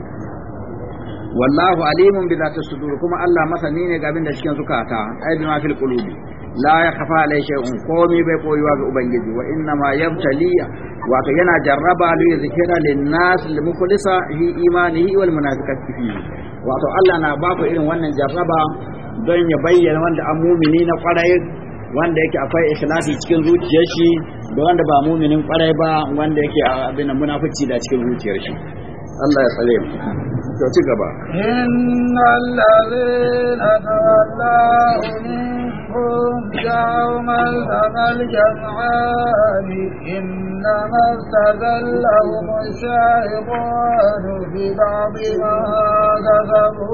wallahu alimun bi zati sudur kuma Allah masani ne ga abin da cikin zukata ai bi ma fil qulubi la yakhafa alai shay'un komi bai koyuwa ga ubangiji wa inna ma yabtaliya wato yana jarraba li yuzkira lin nas lil mukhlisa hi imanihi wal munafiqati fi wato Allah na ba ku irin wannan jarraba don ya bayyana wanda an mumini na kwarai wanda yake akwai ikhlasi cikin zuciyar shi da wanda ba muminin kwarai ba wanda yake abin munafici da cikin zuciyar shi Allah ya tsare mu to ci gaba innal ladina tawallaw minkum yawmal tamal jam'ani innama tadallahu shaytanu bi ba'di ma kasabu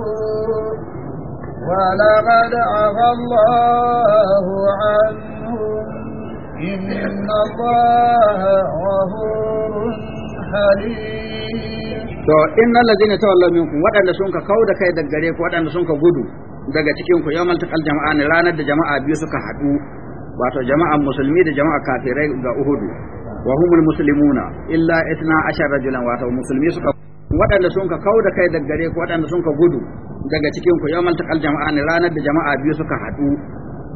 ولقد عفى الله عنهم إن الله غفور حليم to innal ladina tawallaw minkum wadanda sun ka kauda kai daga gare ku wadanda sun ka gudu daga cikin ku yawmal taqal jama'an ranar da jama'a biyu suka hadu wato jama'an musulmi da jama'a kafirai ga uhudu wa humul muslimuna illa itna ashar rajulan wato musulmi suka waɗanda sun ka kau da kai daga gare ku waɗanda sun ka gudu daga cikin ku yawmal taqal jama'an ranar da jama'a biyu suka hadu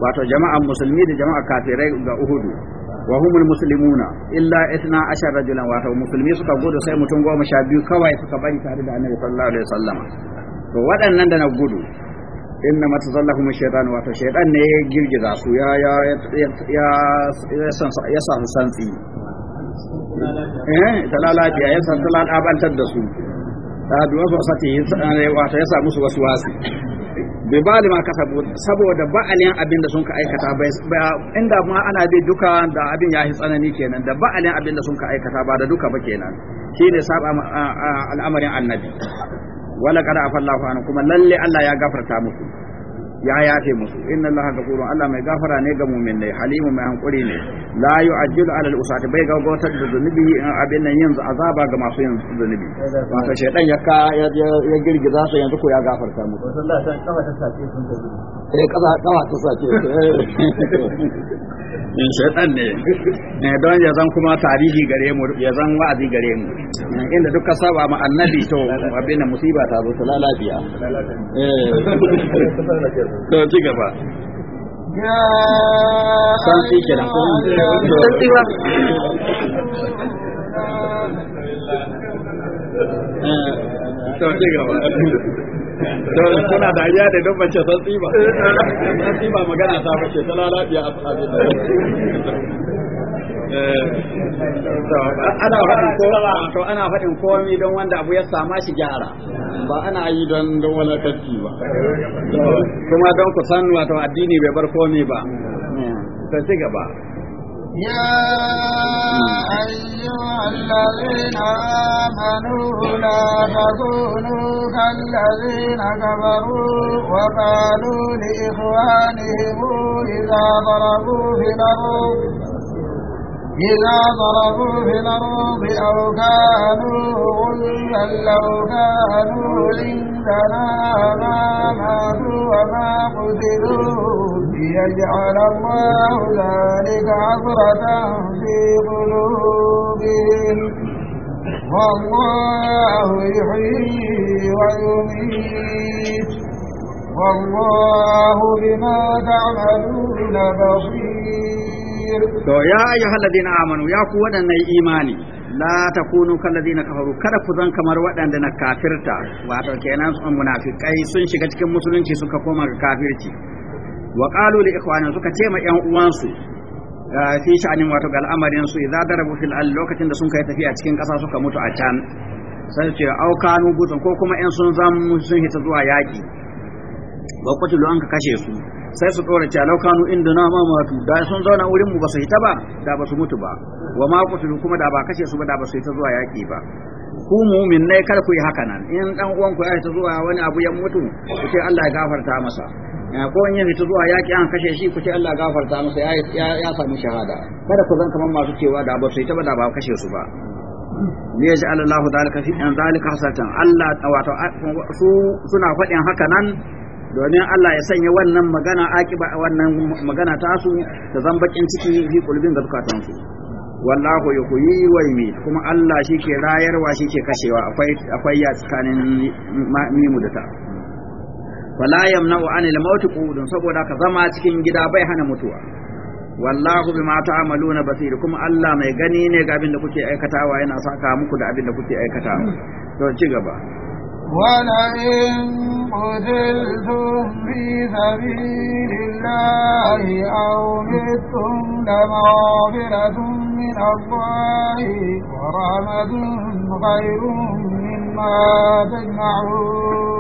wato jama'an musulmi da jama'a kafirai ga uhudu wa humul muslimuna illa ithna ashar rajulan wato musulmi suka gudu sai mutum goma sha biyu kawai suka bari tare da annabi sallallahu alaihi wasallam to waɗannan da na gudu inna ma tazallahu shaytan wato shaytan ne ya girgiza su ya ya ya ya ya su santsi eh talalafiya ya san talal abantar da su ta duwa ba sati wato ya sa musu wasu wasu. bai ba kasa kasabu saboda alin abin da sun ka aikata bai inda ma ana bi duka da abin ya yi tsanani kenan da ba'alin abin da sun ka aikata ba da duka ba kenan shi ne saba al'amarin annabi wala kada afallahu an kuma lalle Allah ya gafarta muku ya yafe musu inna allaha ghafurun allah mai gafara ne ga mu'minai halimu mai hankuri ne la yu'ajjilu ala al-usati bai ga gota da zunubi in abin nan yanzu azaba ga masu yin zunubi wato shedan ya ka ya girgiza su yanzu ko ya gafarta musu wallahi san kawa ta sace sun ta eh kawa ta sace eh. in shaitan ne don ya zan kuma tarihi gare mu ya zan wa'azi gare mu inda duka saba ma annabi to abin da musiba ta zo ta lalabiya eh. to ci gaba san shi kenan eh. to ci gaba don suna da ya da don mace san tsiba san tsiba magana ta mace ta lalabiya a sahabin eh, ana faɗin ko ana faɗin komai don wanda abu ya sama shi gyara ba ana yi don don wani kaci ba kuma don ku san wato addini bai bar komai ba ta ci gaba يا أيها الذين آمنوا لا تكونوا كالذين كفروا وقالوا لإخوانهم إذا ضربوا في الأرض إذا ضربوا في الأرض أو كانوا غلا لو كانوا عندنا ما ماتوا وما قتلوا ليجعل الله ذلك عبرة في قلوبهم والله يحيي ويميت والله بما تعملون بصير to ya ayyuhal ladina amanu ya ku wadannan imani la takunu kal ladina kafaru kada ku zan kamar waɗanda na kafirta wato kenan sun munafikai sun shiga cikin musulunci suka koma ga kafirci wa qalu li ikhwani suka ce ma yan uwansu eh, fi sha'anin wato ga al'amarin su idza darabu fil al lokacin da sun kai tafiya cikin kasa suka mutu a can sai ce au kanu gudun ko kuma yan sun zam sun hita zuwa yaki ba kwace an ka kashe su sai su dora ce lau kanu inda na mamatu da sun zauna wurin mu ba su hita ba da ba su mutu ba wa ma kwace kuma da ba kashe su ba da ba su hita zuwa yaki ba ku mumin ne kar ku yi haka nan in dan uwanku ya ta zuwa wani abu ya mutu ku ce Allah ya gafarta masa ko in ya fita zuwa yaƙi an kashe shi kuce Allah gafarta masa ya samu shahada kada ku zan kamar masu cewa da ba su yi taba da ba kashe su ba ne ya ji Allahu dalika fi an zalika hasatan Allah wato su suna faɗin haka nan domin Allah ya sanya wannan magana aqiba wannan magana ta su ta zan bakin ciki fi kulbin da zukatan su wallahu yuhyi wa yumiit kuma Allah shi ke rayarwa shi kashewa akwai akwai ya tsakanin mimu da ta Wala yamna'u anil mauti qudun saboda ka zama cikin gida bai hana mutuwa wallahu bima ta'maluna basir kuma Allah mai gani ne ga abin da kuke aikatawa yana saka muku da abin da kuke aikatawa to ci gaba ولئن قتلتم في سبيل الله أو متم لمغفرة من الله ورحمة خير مما تجمعون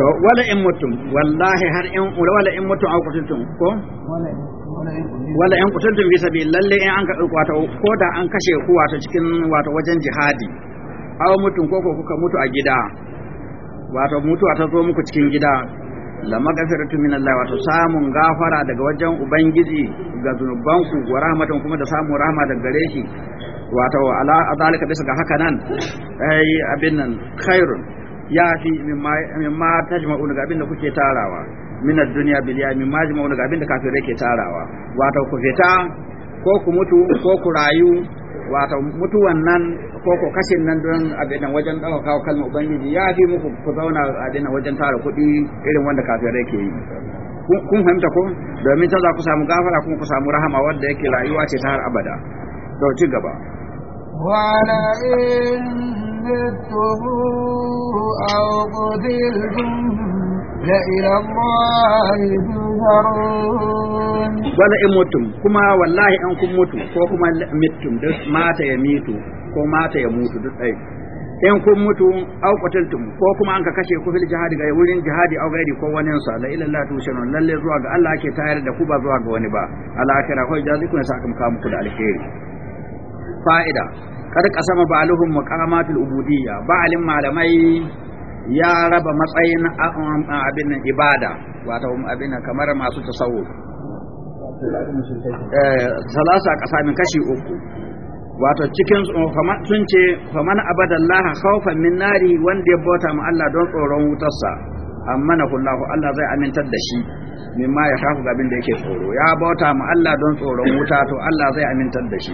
wala in mutum wallahi har in wala in mutum au kutuntum ko wala in kutuntum fi sabi lalle in an ka wato ko da an kashe ku wato cikin wato wajen jihadi au mutum ko ko kuka mutu a gida wato mutuwa ta zo muku cikin gida la magfiratu min Allah wato samun gafara daga wajen ubangiji ga zunubanku wa rahmatan kuma da samun rahma daga gare shi wato ala azalika bisa ga haka nan ai abin nan khairun ya fi min ma tajma'u daga abin da kuke tarawa min ad-dunya bil ma tajma'u daga abin da kafirai ke tarawa wato ku fita ko ku mutu ko ku rayu wato mutuwan nan ko ko kashin nan don abin wajen kawo kalmar ubangiji ya fi muku ku zauna a abin wajen tara kuɗi irin wanda kafirai ke yi kun fahimta ko domin ta za ku samu gafara kuma ku samu rahama wanda yake rayuwa ce ta har abada to ci gaba wala in mitu au qutiltum لإلى الله تنظرون ولا إموتم كما والله أنكم موتوا كما ميتم ya مات يميتوا mata ya mutu duk أي in kun mutu au qataltum ko kuma an ka kashe ku fil jihadi ga wurin jihadi au gairi ko wani sa la ila Allah tushanu lalle zuwa ga Allah ake tayar da ku ba zuwa ga wani ba al akhirah ko jazikum kam ku da alheri fa'ida kada kasama ba'aluhum maqamatul ubudiyya alim malamai ya raba matsayin um, abin ibada wato um, abin kamar masu tasawuf eh, salasa kasamin kashi uku wato cikin sun ce faman abadallah khawfan min nari wanda ya bauta ma Allah don tsoron wutarsa amma na kullahu Allah zai amintar da shi mimma ya shafu gabin da yake tsoro ya bauta ma Allah don tsoron wuta to Allah zai amintar da shi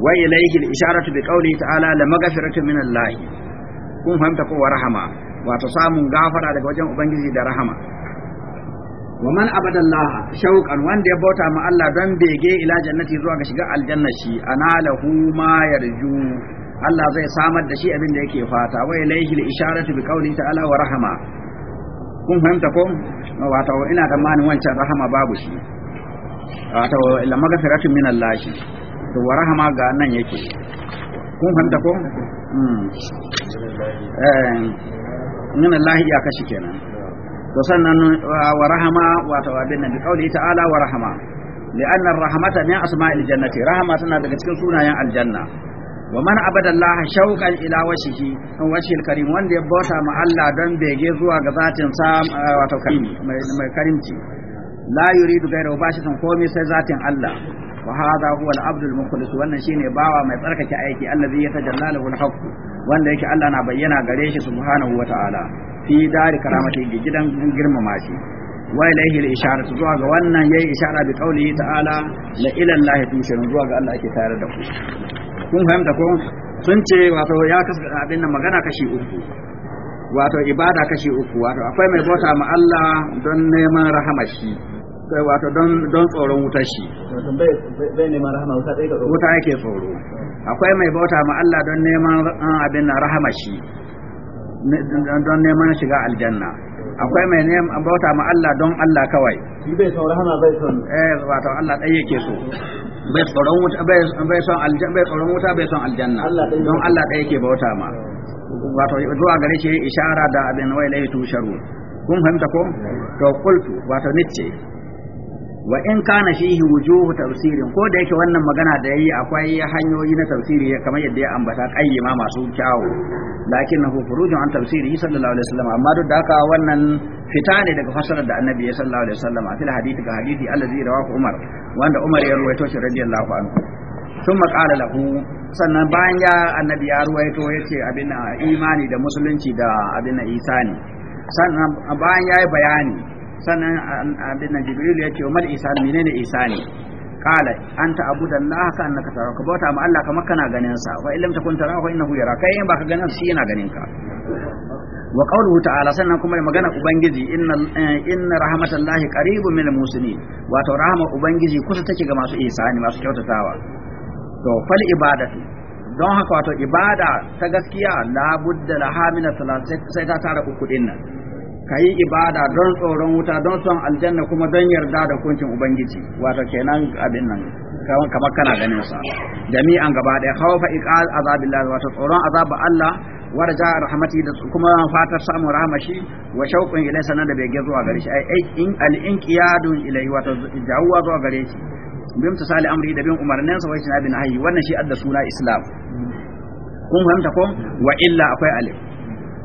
wa ilayhi al-isharatu bi qawli ta'ala la maghfiratun min Allah kun fahimta ko wa rahama wato samun gafara daga wajen ubangiji da rahama wa man abadallaha shauqan wanda ya bauta ma Allah don bege ila jannati zuwa ga shiga aljanna shi anallahu ma yarju Allah zai samar da shi abin da yake fata wa ilaihi al-isharatu bi qawli ta'ala wa rahama kun fahimta ko wato ina da mani wancan rahama babu shi wato illa magfiratu min Allah shi to wa rahama ga nan yake kun fahimta ko hmm. Eh, nuna lahiya kashi kenan wa rahama wa tawabin nabi qauli ta'ala wa rahama li anna rahmata min asma'il jannati rahama tana daga cikin sunayen aljanna wa man abada Allah shauqan ila wajhihi wajhi al-karim wanda ya bauta ma Allah dan bege zuwa ga zatin sa eh, wato karim mai karimci la yuridu ghayra ba komai sai zatin Allah wa hadha huwa al-abdul mukhlis wannan shine bawa mai tsarkake aiki allazi yatajallalu al-haqq wanda yake Allah na bayyana gare shi subhanahu ta'ala fi dari karamati gidan girmama shi wa ilaihi al ishara zuwa ga wannan yayi ishara bi qaulihi ta'ala la ila Allah tusirun zuwa ga Allah ake tayar da ku kun fahimta ko sun ce wato ya kasa abin nan magana kashi uku wato ibada kashi uku wato akwai mai bauta ma Allah don neman rahama shi wato don tsoron wutar shi wato bai wuta ɗaya ga wuta yake tsoro akwai mai bauta ma Allah don neman ah, abin na rahama don neman shiga aljanna akwai mai neman bauta ma Allah don Allah kawai bai bai son eh wato Allah dai yake so bai bauta ma wato zuwa gare shi ishara da abin wai tusharu kun fahimta ko to qultu wato nice wa in kana shihi wujuhu tafsirin ko da yake wannan magana da yayi akwai hanyoyi na tafsiri kamar yadda ya ambata kayyima masu kyawu hu furujun an tafsiri sallallahu alaihi wasallam amma duk da haka wannan fita ne daga fasarar da annabi sallallahu alaihi wasallam a cikin hadisi ga hadisi allazi rawahu umar wanda umar ya ruwaito shi radiyallahu anhu thumma qala lahu sannan bayan ya annabi ya ruwaito yace abin imani da musulunci da abin isani sannan bayan yayi bayani sannan abin nan jibril ya ce mal isa menene isa ne qala anta abuda allah ka annaka tara ka bauta ma allah kamar kana ganin sa wa illam takun tara fa innahu yara kai in baka ganin shi yana ganin ka wa qawluhu ta'ala sannan kuma magana ubangiji inna eh, inna rahmatallahi qaribun minal muslimin wato rahama ubangiji kusa take ga masu ihsani masu kyautatawa to fal ibadatu don haka wato ibada ta gaskiya la budda laha min sai ta tara uku nan. ka yi ibada don tsoron wuta don son aljanna kuma don yarda da kuncin ubangiji wato kenan abin nan kamar kana ganin sa jami'an gaba daya khawfa iqal azabillah wato tsoron azaba Allah wa raja rahmati da kuma fatar samu rahmashi wa shauqin ilai sanan da bege zuwa gare shi ai in al inqiyadun ilai wato jawwa zuwa gare shi bin tasali amri da bin umarnin sa wai bin hayi wannan shi adda suna islam kun fahimta ko wa illa akwai alif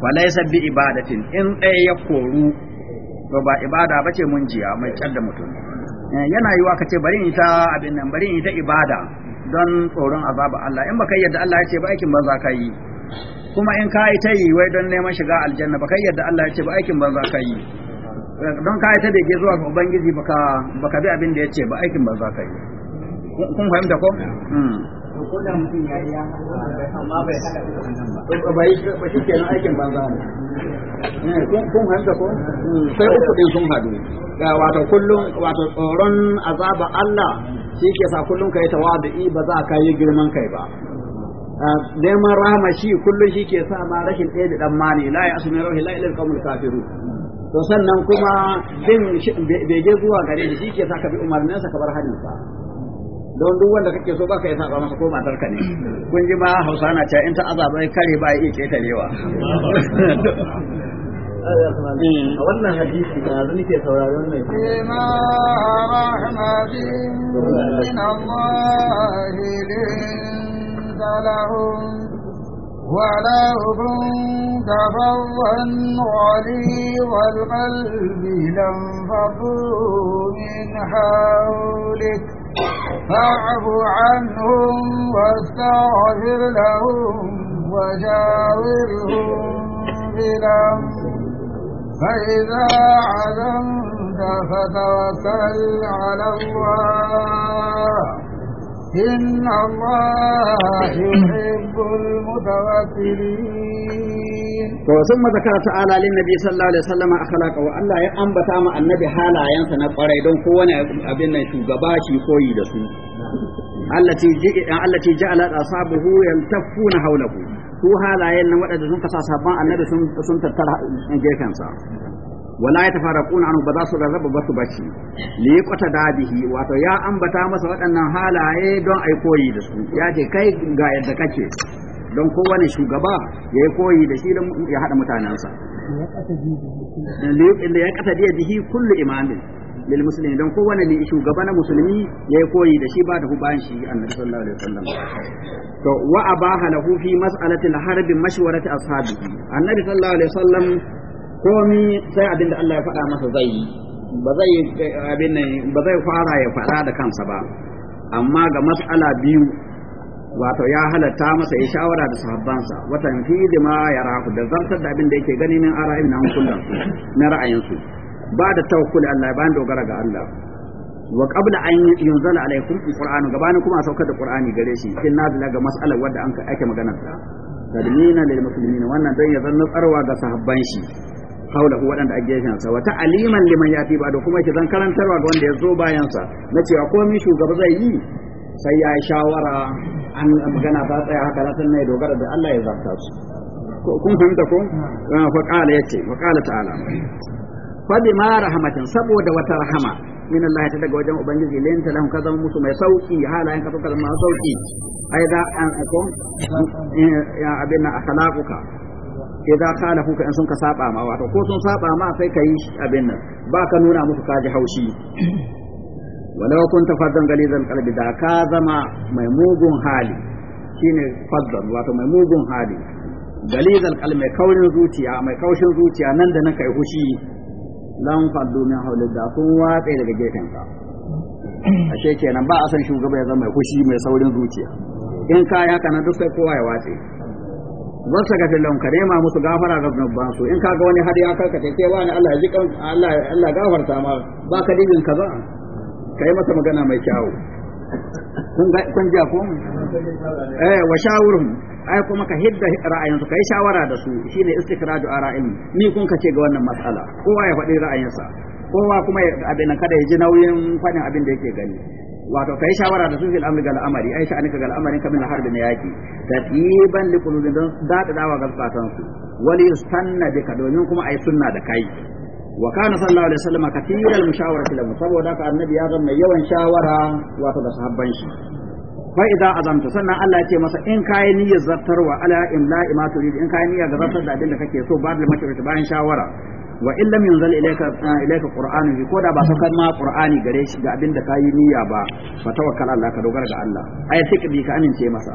falaisa bi ibadatin in ɗaya ya koru to ba ibada bace mun jiya mai kyar da mutum eh, yana yiwa ka ce bari in ta abin nan bari in ta ibada don tsoron azaba Allah in baka yadda Allah ya ce ba aikin banza ka yi kuma in ka yi ta yi wai don neman shiga aljanna baka yadda Allah ya ce ba aikin banza ka yi eh, don ka yi ta bege zuwa ga ubangiji baka baka bi abin da ya ce ba aikin banza ka yi kun fahimta ko hmm. ko da mutum ya yi amma bai hada da wannan ba bai ba shi kenan aikin banza ne eh, kun hanta ko hmm, sai uku din sun hadu wato kullum wato tsoron azaba Allah shi ke sa kullum kai tawadi ba za ka yi girman kai ba ah, neman rahama shi kullum shi ke sa ma rashin ɗaya da ɗammani la ya asumi rauhi la ilil qawmul kafiru to sannan kuma bin bege zuwa gare shi ke sa ka bi umarninsa ka bar hadinsa don duk wanda kake so baka yi saba masa ko matar ka ne kun ji ma Hausa na cewa in ta azaba ya kare ba ya iya ketarewa a wannan hadisi na zan ke sauraron mai kuma rahmatin min Allah lahum ولا كنت فظا غليظ القلب لانفضوا من حولك فاعف عنهم واستغفر لهم وجاورهم بالأمر فإذا عزمت فتوكل على الله إن الله يحب المتوكلين ثم ذكر تعالى للنبي صلى الله عليه وسلم أخلاقه الله يأنبت مع النبي حالا ينسى نقرأ دون كوانا أبنا شوقباشي كوي دسو التي جعلت أصابه يلتفون حوله su halayen nan waɗanda sun kasa sabon annabi sun tattara gefen sa wala ya tafaraquna anhu ba za su rarraba ba su bashi li yaqata dabihi wato ya ambata masa waɗannan halaye don ai koyi da su ya ce kai ga yadda kake don kowane shugaba ya yi koyi da shi don ya haɗa mutanensa da ya ƙasa biya bihi kullu imamin lil musulmi don kowane ne shugaba na musulmi ya yi koyi da shi ba da bayan shi annabi sallallahu alaihi wasallam to wa abaha lahu fi mas'alati al-harb mashwarati ashabihi annabi sallallahu alaihi wasallam komi sai abin da Allah ya faɗa masa zai yi eh, ba zai fara ya faɗa da kansa ba amma ga mas'ala biyu wato ya halatta masa ya shawara da sahabbansa watan fi ma ya rahu da zartar da abin da yake gani min ara'in na hukunan na ra'ayinsu ba da tawakkul Allah ba dogara ga Allah wa qabla an yunzala alaykum alqur'anu gabanin kuma saukar da qur'ani gare shi kin nazila ga mas'alar wadda an ake magana ta tadmina lil muslimin wannan dan ya zanna tsarwa ga sahabban shi haulahu waɗanda a gefen sa wata aliman liman ya fi ba da kuma zan karantarwa ga wanda ya zo bayan sa na cewa komai shugaba zai yi sai ya yi shawara an magana ta tsaya haka na dogara da Allah ya zarta su kun fahimta ko fa qala ah, yace wa qala ta'ala fa ma rahmatin saboda wata rahama min Allah ta daga wajen ubangiji lain ta lahum kaza musu mai sauki halayen ka suka zama sauki a an ako eh, ya abinna akhlaquka idan kuka in sun ka saba ma wato ko sun saba ma sai ka yi abin nan ba ka nuna musu ka ji haushi walau kunta faddan galizan kalbi da ka zama mai mugun hali shine faddan wato mai mugun hali galizan kalbi mai kaurin zuciya mai kaushin zuciya nan da nan kai hushi lan faddu min hawli da sun watsa daga gefen ka ashe kenan ba a san shugaba ya zama mai hushi mai saurin zuciya in ka haka duk sai kowa ya watse wasa ga filon kare musu gafara ga zunuban su in kaga wani har ya karkace sai wani Allah ya jikan Allah Allah gafarta ma ba ka dibin ba kai masa magana mai kyau kun ga kun ji ko eh wa shawurum ai kuma ka hidda ra'ayin su kai shawara da su shine istikraju ara'in ni kun kace ga wannan matsala kowa ya faɗi ra'ayinsa kowa kuma abin kada ya ji nauyin faɗin abin da yake gani wato kai shawara da su fil amri gal amari ai sha'ani ka gal amari kamin har na yaki tatiban li qulubin don da da dawa ga zakatan su wal yustanna bika domin kuma ai sunna da kai wa kana sallallahu alaihi wasallam katiral mushawarati lahu saboda ka annabi ya zama yawan shawara wato da sahabban shi fa idza azamta sannan Allah ya ce masa in kai niyyar zartarwa ala imla'i ma turid in kai niyyar zartar da abin da kake so ba da mace bayan shawara wa in lam yanzal ilayka ah, ilayka qur'anu bi koda ba saukar ma qur'ani gare shi ga abinda ka yi niyya ba fa tawakkal Allah ka dogara ga Allah ay tiqbi ka amince masa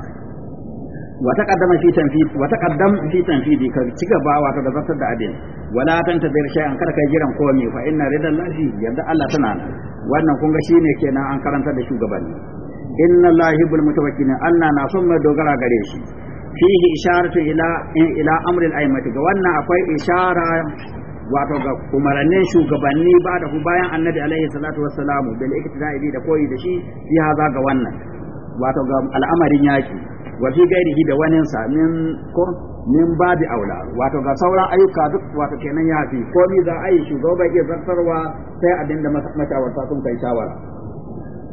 wa taqaddama fi tanfid wa taqaddam fi tanfidi ka ci gaba wato da zartar da abin wala tantazir shay'an kada kai jiran komai fa inna ridallahi yadda Allah tana wannan kun ga shine kenan an karanta da shugabanni inna allahi yuhibbul mutawakkilin Allah na son mai dogara gare shi fihi isharatu ila eh, ila al aimati ga wannan akwai ishara wato ga umarannin shugabanni ba da bayan annabi alaihi salatu wassalamu bil iktida'i da koyi da shi fi haza ga wannan wato ga al'amarin yaki wa fi gairihi da wani sa min ko min babi aula wato ga sauran ayyuka duk wato kenan ya fi komi za a yi shugaba ke zartarwa sai abinda mashawarta sun kai shawara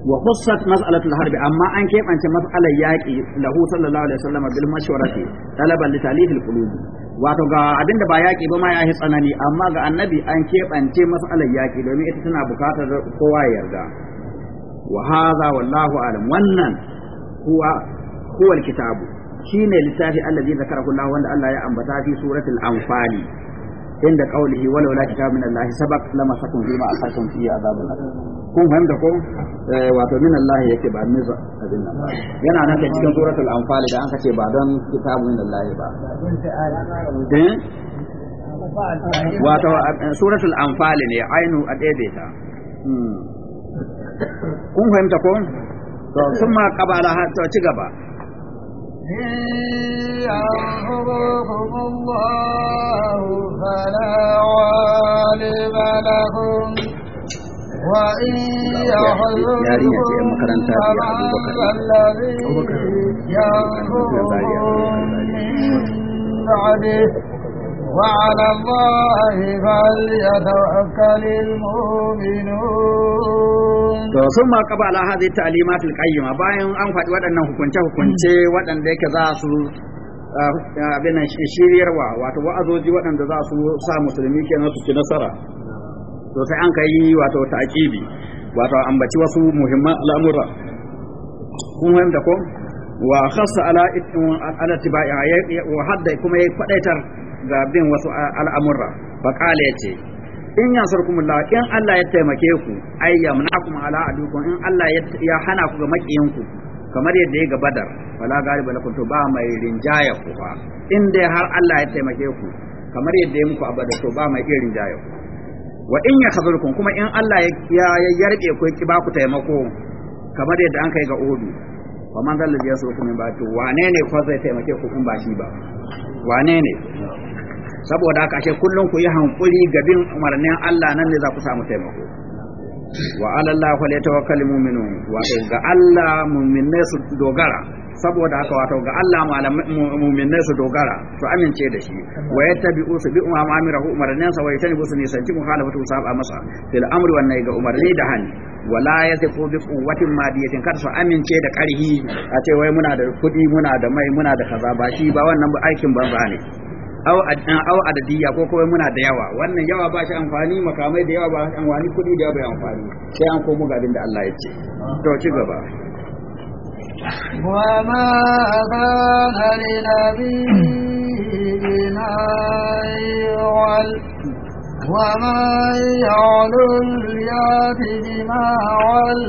wa khussat mas'alatul harb amma an kebance mas'alar yaki lahu sallallahu alaihi wasallam bil mashwarati talaban li talifil qulubi wato ga abinda ba yaƙi ba ma ya yi tsanani amma ga annabi an keɓance matsalar yaƙi domin ita tana buƙatar kowa ya yarda wa wallahu alam wannan huwa huwa alkitabu shine littafi allazi zakarahu Allah wanda Allah ya ambata fi suratul anfali inda qawlihi wala la kitab min Allah sabaq lama sakun fi ma asakum fi azabun kun fahimta ko eh, wato min Allah yake ba min abin nan yana nan da cikin suratul anfal da an kace ba don kitabu min Allah ba eh? wato suratul anfal ne ainu a daidaita hmm. kun fahimta ko to sun ma kabala har to ci gaba ينصركم الله فلا غالب لهم وإن يحزنهم فمن الذي ينصركم من بعده وعلى الله فليتوكل المؤمنون to sun ma kaba ala hadhihi ta'limat al-qayyima bayan an faɗi waɗannan hukunce hukunce waɗanda yake za su ah, abin shiryarwa wato wa'azoji waɗanda za su sa musulmi kenan su ci nasara to sai an kai wato ta'kibi wato ambaci wasu muhimman al'amura kun fahimta ko wa khassa ala ala tibai wa hadda kuma yayi kwadaitar ga bin wasu al'amurra fa ya ce in yansurkumullah in Allah ya taimake ku ay yamnakum ala adukum in Allah ya hana ku ga makiyanku kamar yadda ya ga badar wala galiba lakum to ba mai rinjaya ku fa in dai har Allah ya taimake ku kamar yadda ya muku a badar to ba mai iya rinjaya ku wa in ya khazurkum kuma in Allah ya yarbe ku ki ba ku taimako kamar yadda an kai ga odu wa man zalla ya so kuma ba to wane ne ko zai taimake ku kun ba shi ba wane ne saboda haka ashe kullum ku yi hankuri ga bin umarnin Allah nan ne za ku samu taimako wa alallahi falyatawakkalu mu'minun wato ga Allah mu'minai su dogara saboda haka wato ga Allah mu'minai su dogara su amince da shi wa yattabi'u su bi umma amirahu umarnin sa wa yatanibu su hala mutu saba masa fil amri wa ga umarni da hani wala yasifu bi quwwatin madiyatin kada su amince da karhi a ce wai muna da kudi muna da mai muna da kaza ba shi ba wannan aikin ba ne au eh, au adadiyya ko kuma muna da yawa wannan yawa ba shi amfani makamai da yawa ba shi amfani kudi da yawa ba amfani sai an komo ga abin da Allah ya ce to ci gaba wa ma وما كان لنبي أن يعل ومن يعلل يات بما عل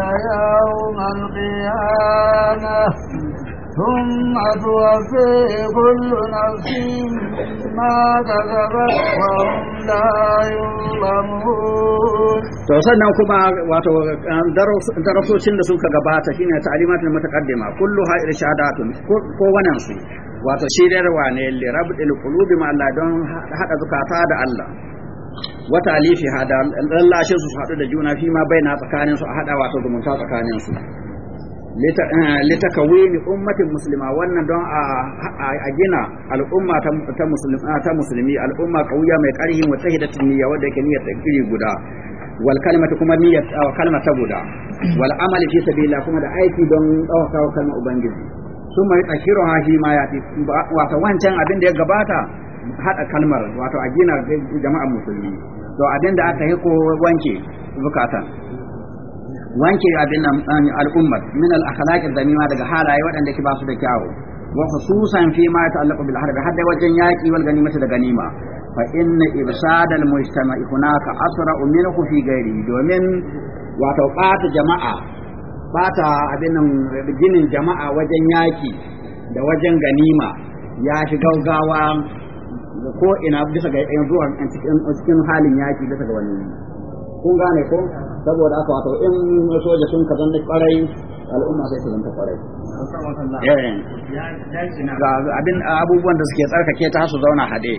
يوم qiyamah ثم توفي كل نفس ما كسبت وهم لا يظلمون to sannan kuma wato darasocin da suka gabata shine ta'limatul mutaqaddima kulluha irshadatun ko wannan su wato shi da rawa ne li rabdil qulubi ma Allah don hada zukata da Allah wa talifi hada lallashin su hadu da juna fi ma baina tsakanin su a hada wato zumunta tsakanin su Eh, litakawin ummatin muslima wannan don a gina al'umma ta musulmi ta musulmi eh, al'umma kauya mai karhi wa shahidatin niyya wanda yake niyyar takiri guda wal kalmatu kuma niyyar eh, kalma ta guda wal amali fi sabilillah kuma da aiki don dawaka kalma ubangiji summa yutashiru ha shi ma yati wato wancan abin da ya gabata hada kalmar wato a gina jama'a musulmi to abin da aka yi ko wanke zukatan wanke abin nan um, al'ummar min al-akhlaq ad-damima daga halaye waɗanda ke ba su da kyawu wa khususan fi ma ta'allaqu bil harbi hadda wajen yaki wal ganimata da ganima fa inna ibsad al-mujtama'i hunaka asra minhu fi ghairi domin wato bata jama'a bata abin nan ginin jama'a wajen yaki da wajen ganima ya fi gaugawa ko ina bisa ga yanzu a cikin halin yaki bisa ga wani kun gane ko saboda aka wato in soja sun ka zanta kwarai al'umma sai ta zanta kwarai eh. abin abubuwan da suke tsarkake ta su zauna haɗe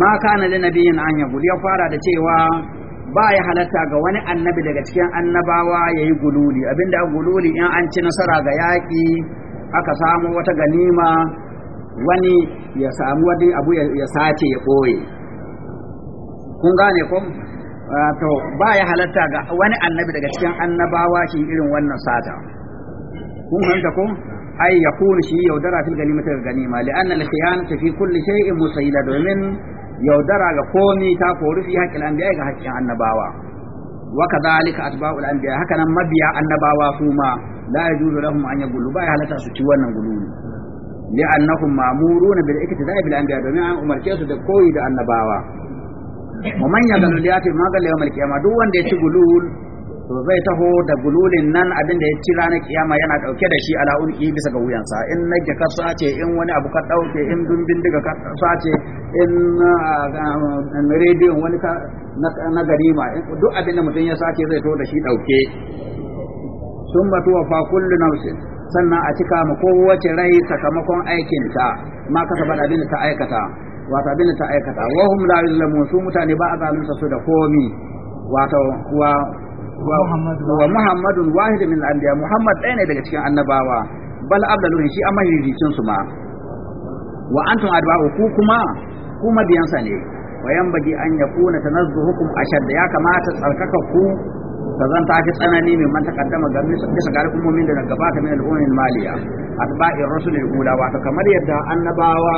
ma kana da nabiyin an yagul ya fara da cewa ba ya halatta ga wani annabi daga cikin annabawa ya yi gululi abinda gululi in an ci nasara ga yaƙi aka samu wata ganima wani ya samu wani abu ya sace ya ɓoye kun gane kuma Ah, to ba ya halatta ga wani annabi daga cikin annabawa shi irin wannan sata kun fahimta ko ai ya kunu shi yaudara fil ganimati ga ganima li anna al ta fi kulli shay'in musayila domin yaudara ga komi ta kori fi haqqil anbiya ga haƙƙin annabawa wa kadhalika atba'ul anbiya haka nan mabiya annabawa su ma la yajuzu lahum an yaqulu ba ya halatta su ci wannan gululi li'annahum ma'muruna bil ikhtida'i bil anbiya domin an umarce su da koyi da annabawa wa da yaghlul yati magal yawmal kiyama duk wanda ya ci gulul to zai taho da gululin nan abin da ya ci ranar kiyama yana dauke da shi ala ulki bisa ga wuyansa in nake ka sace in wani abu ka dauke in dumbin diga ka sace in um, um, rediyon wani ka na garima duk abin da mutum ya sace zai taho da shi dauke sun batu wa kullu nafsin sannan a cika ma kowace rai sakamakon aikinta ma kasa abin da ta aikata wato abin da ta aikata wa la yuzlamun su mutane ba a su da komi wato wa wa muhammadun wahid min al-anbiya muhammad ɗaya ne daga cikin annabawa bal abdaluhin shi amma su ma wa antum adba'u ku kuma kuma biyansa ne wa yanbaghi an yakuna tanazzuhukum ashadda ya kamata tsarkaka ku ta zan ta fi tsanani mai man takaddama ga bisa ga da gabata min al'ummomin maliya atba'i rasulil ula wato kamar yadda annabawa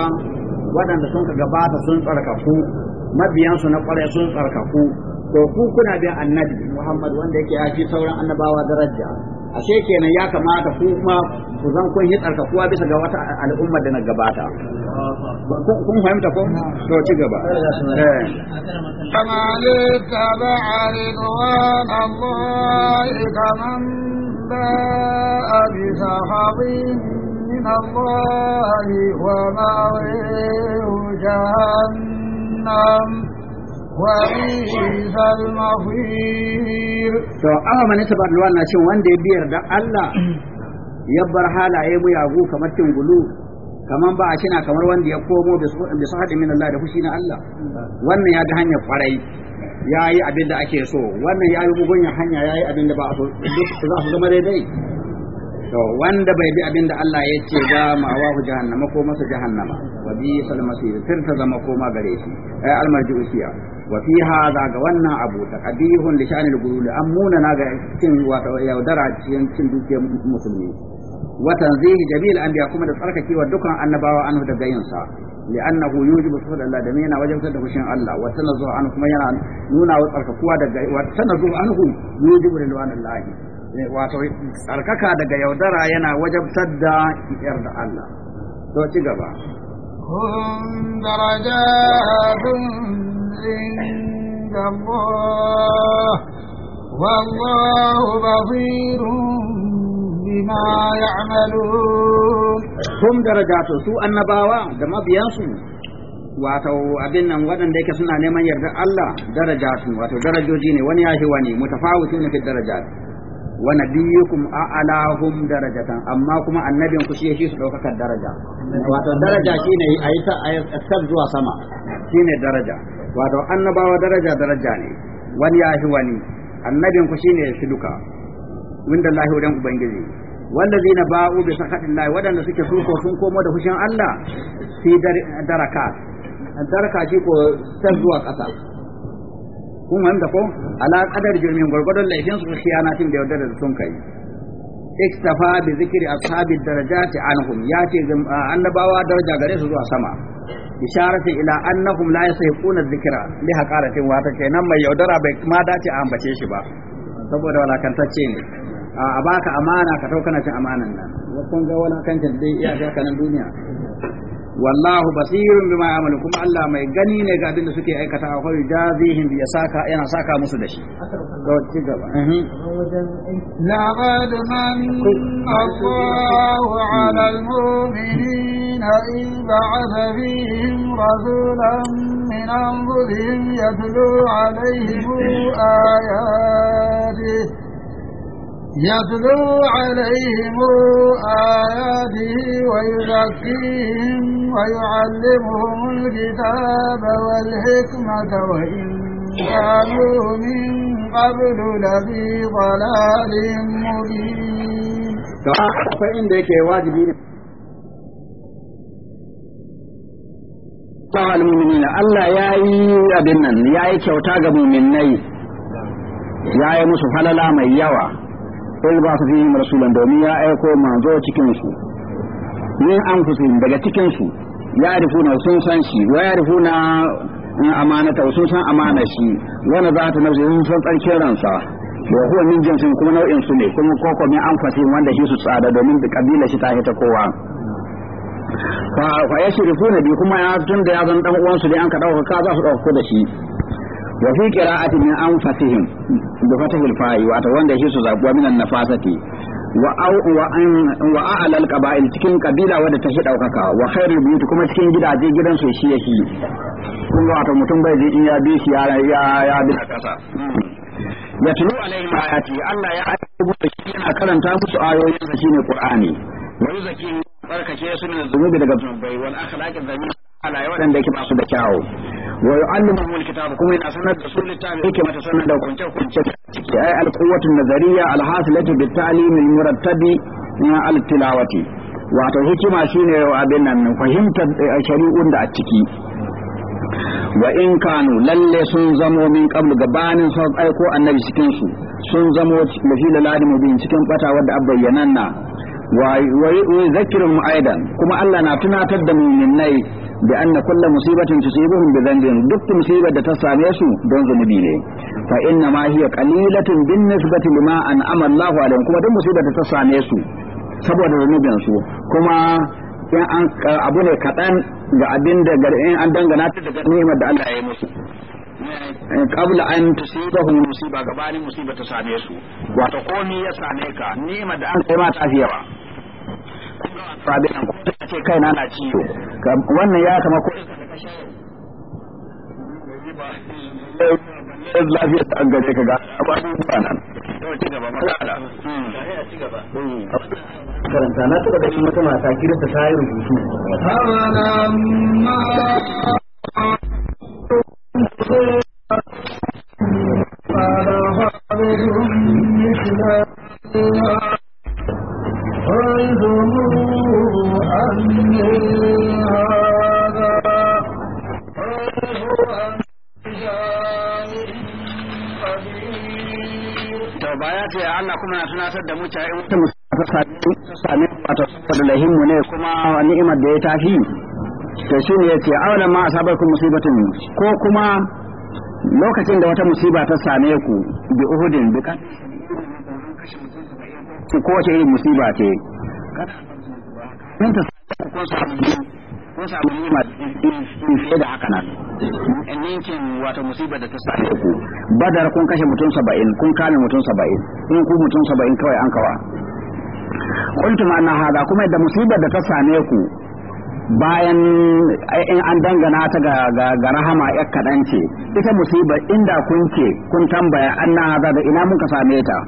waɗanda sun ka gabata sun tsarkaku mabiyansu na ƙwarai sun tsarkaku to ku kuna bin annabi Muhammad wanda yake ya fi sauran annabawa daraja ashe kenan ya kamata ku kuma ku zan kun yi tsarkakuwa bisa ga wata al'umma da na gabata kun fahimta ko to ci gaba eh. kama le من الله ومأويه جهنم To, awa mani tabar luwa na cin wanda ya biyar da Allah ya bar halaye mu yagu kamar gulu kamar ba a shina kamar wanda ya komo da su haɗin min Allah da fushi na Allah. Wannan ya ga hanyar kwarai ya yi abin da ake so, wannan ya yi mugun hanya ya yi abin da ba a so, za su zama daidai. to wanda bai bi abinda Allah ya ce ba hu jahannama ko masa jahannama wa bi salmasi sir ta zama koma gare shi ai almarji usiya wa fi hadha ga wannan abu ta kadihun li sha'anil gulul amuna na ga cikin wato yaudara cikin cin duke musulmi wa tanzihi jami'il anbiya kuma da tsarkakewa dukan annabawa anhu daga yin sa لأنه يوجب صفة الله دمينا وجب صدق شيء الله وتنزه عنه كما ينا نونا وتركوا دقائق وتنزه عنه يوجب رضوان الله wato tsarkaka daga yaudara yana wajabtar da iyar da Allah to ci gaba kun daraja عند الله والله بصير بما يعملون هم درجات سوء النباوة دم wato abin nan waɗanda yake suna neman yardar Allah daraja su wato darajoji ne wani yahi wani ne fi darajar wa nabiyyukum a'alahum darajatan amma kuma annabin ku shi su daukakar daraja wato daraja shine ayi ta ayyukan zuwa sama shine daraja wato annabawa daraja daraja ne wani ya shi wani annabin ku shine shi duka wanda Allah wurin ubangiji wanda na ba'u bi sahadin Allah wadanda suke suko sun komo da fushin Allah fi daraka daraka shi ko ta zuwa kasa kun wanda ko ala kadar jirmin gurgurdon laifin su khiyanatin da yaudar da sun kai iktafa bi zikiri ashabi darajati anhum ya ce annabawa daraja gare su zuwa sama isharatu ila annahum la yasahiquna dhikra li haqaratin wa ta kenan mai yaudara bai ma dace a ambace shi ba saboda walakantacce ne a baka amana ka tauka na cin amanan nan kun ga walakancin dai iya ga kanan duniya wallahu basirun bima ya'malu kuma Allah mai gani ne ga abin da suke aikata a kawai jazihim ya saka yana saka musu da shi ga ci gaba la qad Allahu 'ala al-mu'minina in ba'atha fihim rasulan min anfusihim yatlu 'alayhim ayatihi يتلو عليهم آياته ويزكيهم ويعلمهم الكتاب والحكمة وإن كانوا من قبل لفي ضلال مبين فإن Allah واجبين yi abin nan, ya yi kyauta ga muminai ya yi musu falala mai yawa sai ba su fihim rasulan domin ya aiko manzo cikin su min anfusihim daga cikin su ya rifuna sun san shi wa ya rifuna eh, amanata sun san amana shi wani za ta nafsi sun san tsarkin ransa wa huwa min jinsin kuma nau'in su ne kuma koko min anfusihim wanda shi su tsada domin da kabila shi ta hita kowa fa fa yashrifu bi kuma ya tunda ya zan dan uwan su dai an ka dauka ka za su dauka da shi wa fi qira'ati min anfasihim bi fatahil fa'i ta wanda yake su zabuwa minan nafasati wa au wa an wa a'la al qaba'il cikin kabila wanda ta shi daukaka wa khairu buyut kuma cikin gidaje gidan su shi yake kun ga wato mutum bai je in ya bi shi ya ya bi kasa ya tulu alaihim ayati Allah ya aiko shi yana karanta musu ayoyin da shine qur'ani wa yuzaki barkake sunan ne zunubi daga zunubai wal akhlaqi dhamira ala yawan da yake ba su da kyau wa yu'allimuhum alkitaba kuma yana sanar da su littafi yake mata sanar da kunce kunce ciki ay alquwwatu nazariya alhasilatu bitalimi almurattabi altilawati wato hikima shine abin nan fahimtar eh, shari'un da a ciki wa in kanu lalle sun zamo min qablu gabanin sun aiko annabi cikin su sun zamo da fi lalani cikin bata wadda abbayyananna wa wa zakirin aidan kuma Allah na tunatar da mu'minai bi anna kulla musibatin tusibuhum bi dhanbin duk musibar da ta same su don zunubi ne fa inna ma hiya qalilatun bin nisbati lima an'ama Allah alaihim kuma duk musibar da ta same su saboda zunubin su kuma in an abu ne kadan ga abin da in an dangana ta daga ni'imar da Allah ya yi musu eh, qabla an tusibahum musiba gabanin musiba ta same su wato komi ya same ka ni'imar da an kai ma ta fiyawa sabilan ko ta ce kai na na ciwo wannan ya kama ko lafiya ta an ka ga abadu ba nan hmm. karanta na taba da wata mata kirista ta yi rubutu zafi to shi ne ya ce awala ma asabakum musibatin ko kuma lokacin da wata musiba ta same ku bi uhudin bi kan ko wace irin musiba ce kun ta ko samu kun samu nima fiye da haka nan ninkin wata musiba da ta same ku badar kun kashe mutum saba'in kun kame mutum saba'in in ku mutum saba'in kawai an kawa kuntum anna hada kuma da musibar da ta same ku bayan eh, in an dangana ta ga rahama ya kaɗan ce ita musiba inda kun ce kun tambaya an na da ina muka same ta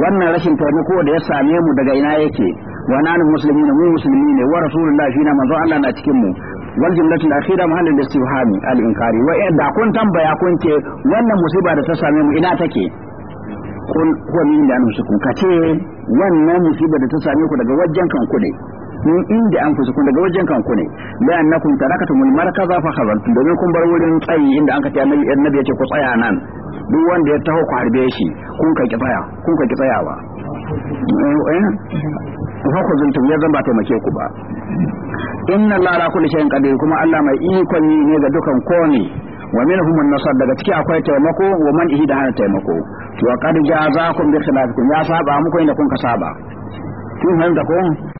wannan rashin taimako da ya same mu daga ina yake wa ni musulmi ne mu musulmi ne wa rasulullahi shi na manzo Allah na cikin mu wal jumlatul akhira mahallul istifham al inkari wa eh, da kun tambaya kun ce wannan musiba da ta same mu ina take kun huwa min da nusukum kace wannan musiba da ta same ku daga wajen kanku ne min inda an kusa kun daga wajen kanku ne la annakum tarakatumul markaza fa khazaltum domin kun bar wurin tsayi inda an ka kace annabi annabi yace ku tsaya nan duk wanda ya taho ku harbe shi kun ka ki tsaya kun ka ki tsayawa eh, eh? ku zuntum ya zamba taimake ku ba inna allaha la kulli shay'in qadir kuma allah mai ikon ne ga dukan komai wa minhum an-nasr daga ciki akwai taimako wa man ihida da hana taimako to qad ja'azakum bi khilafikum ya saba muku inda kun ka saba kun hanta ko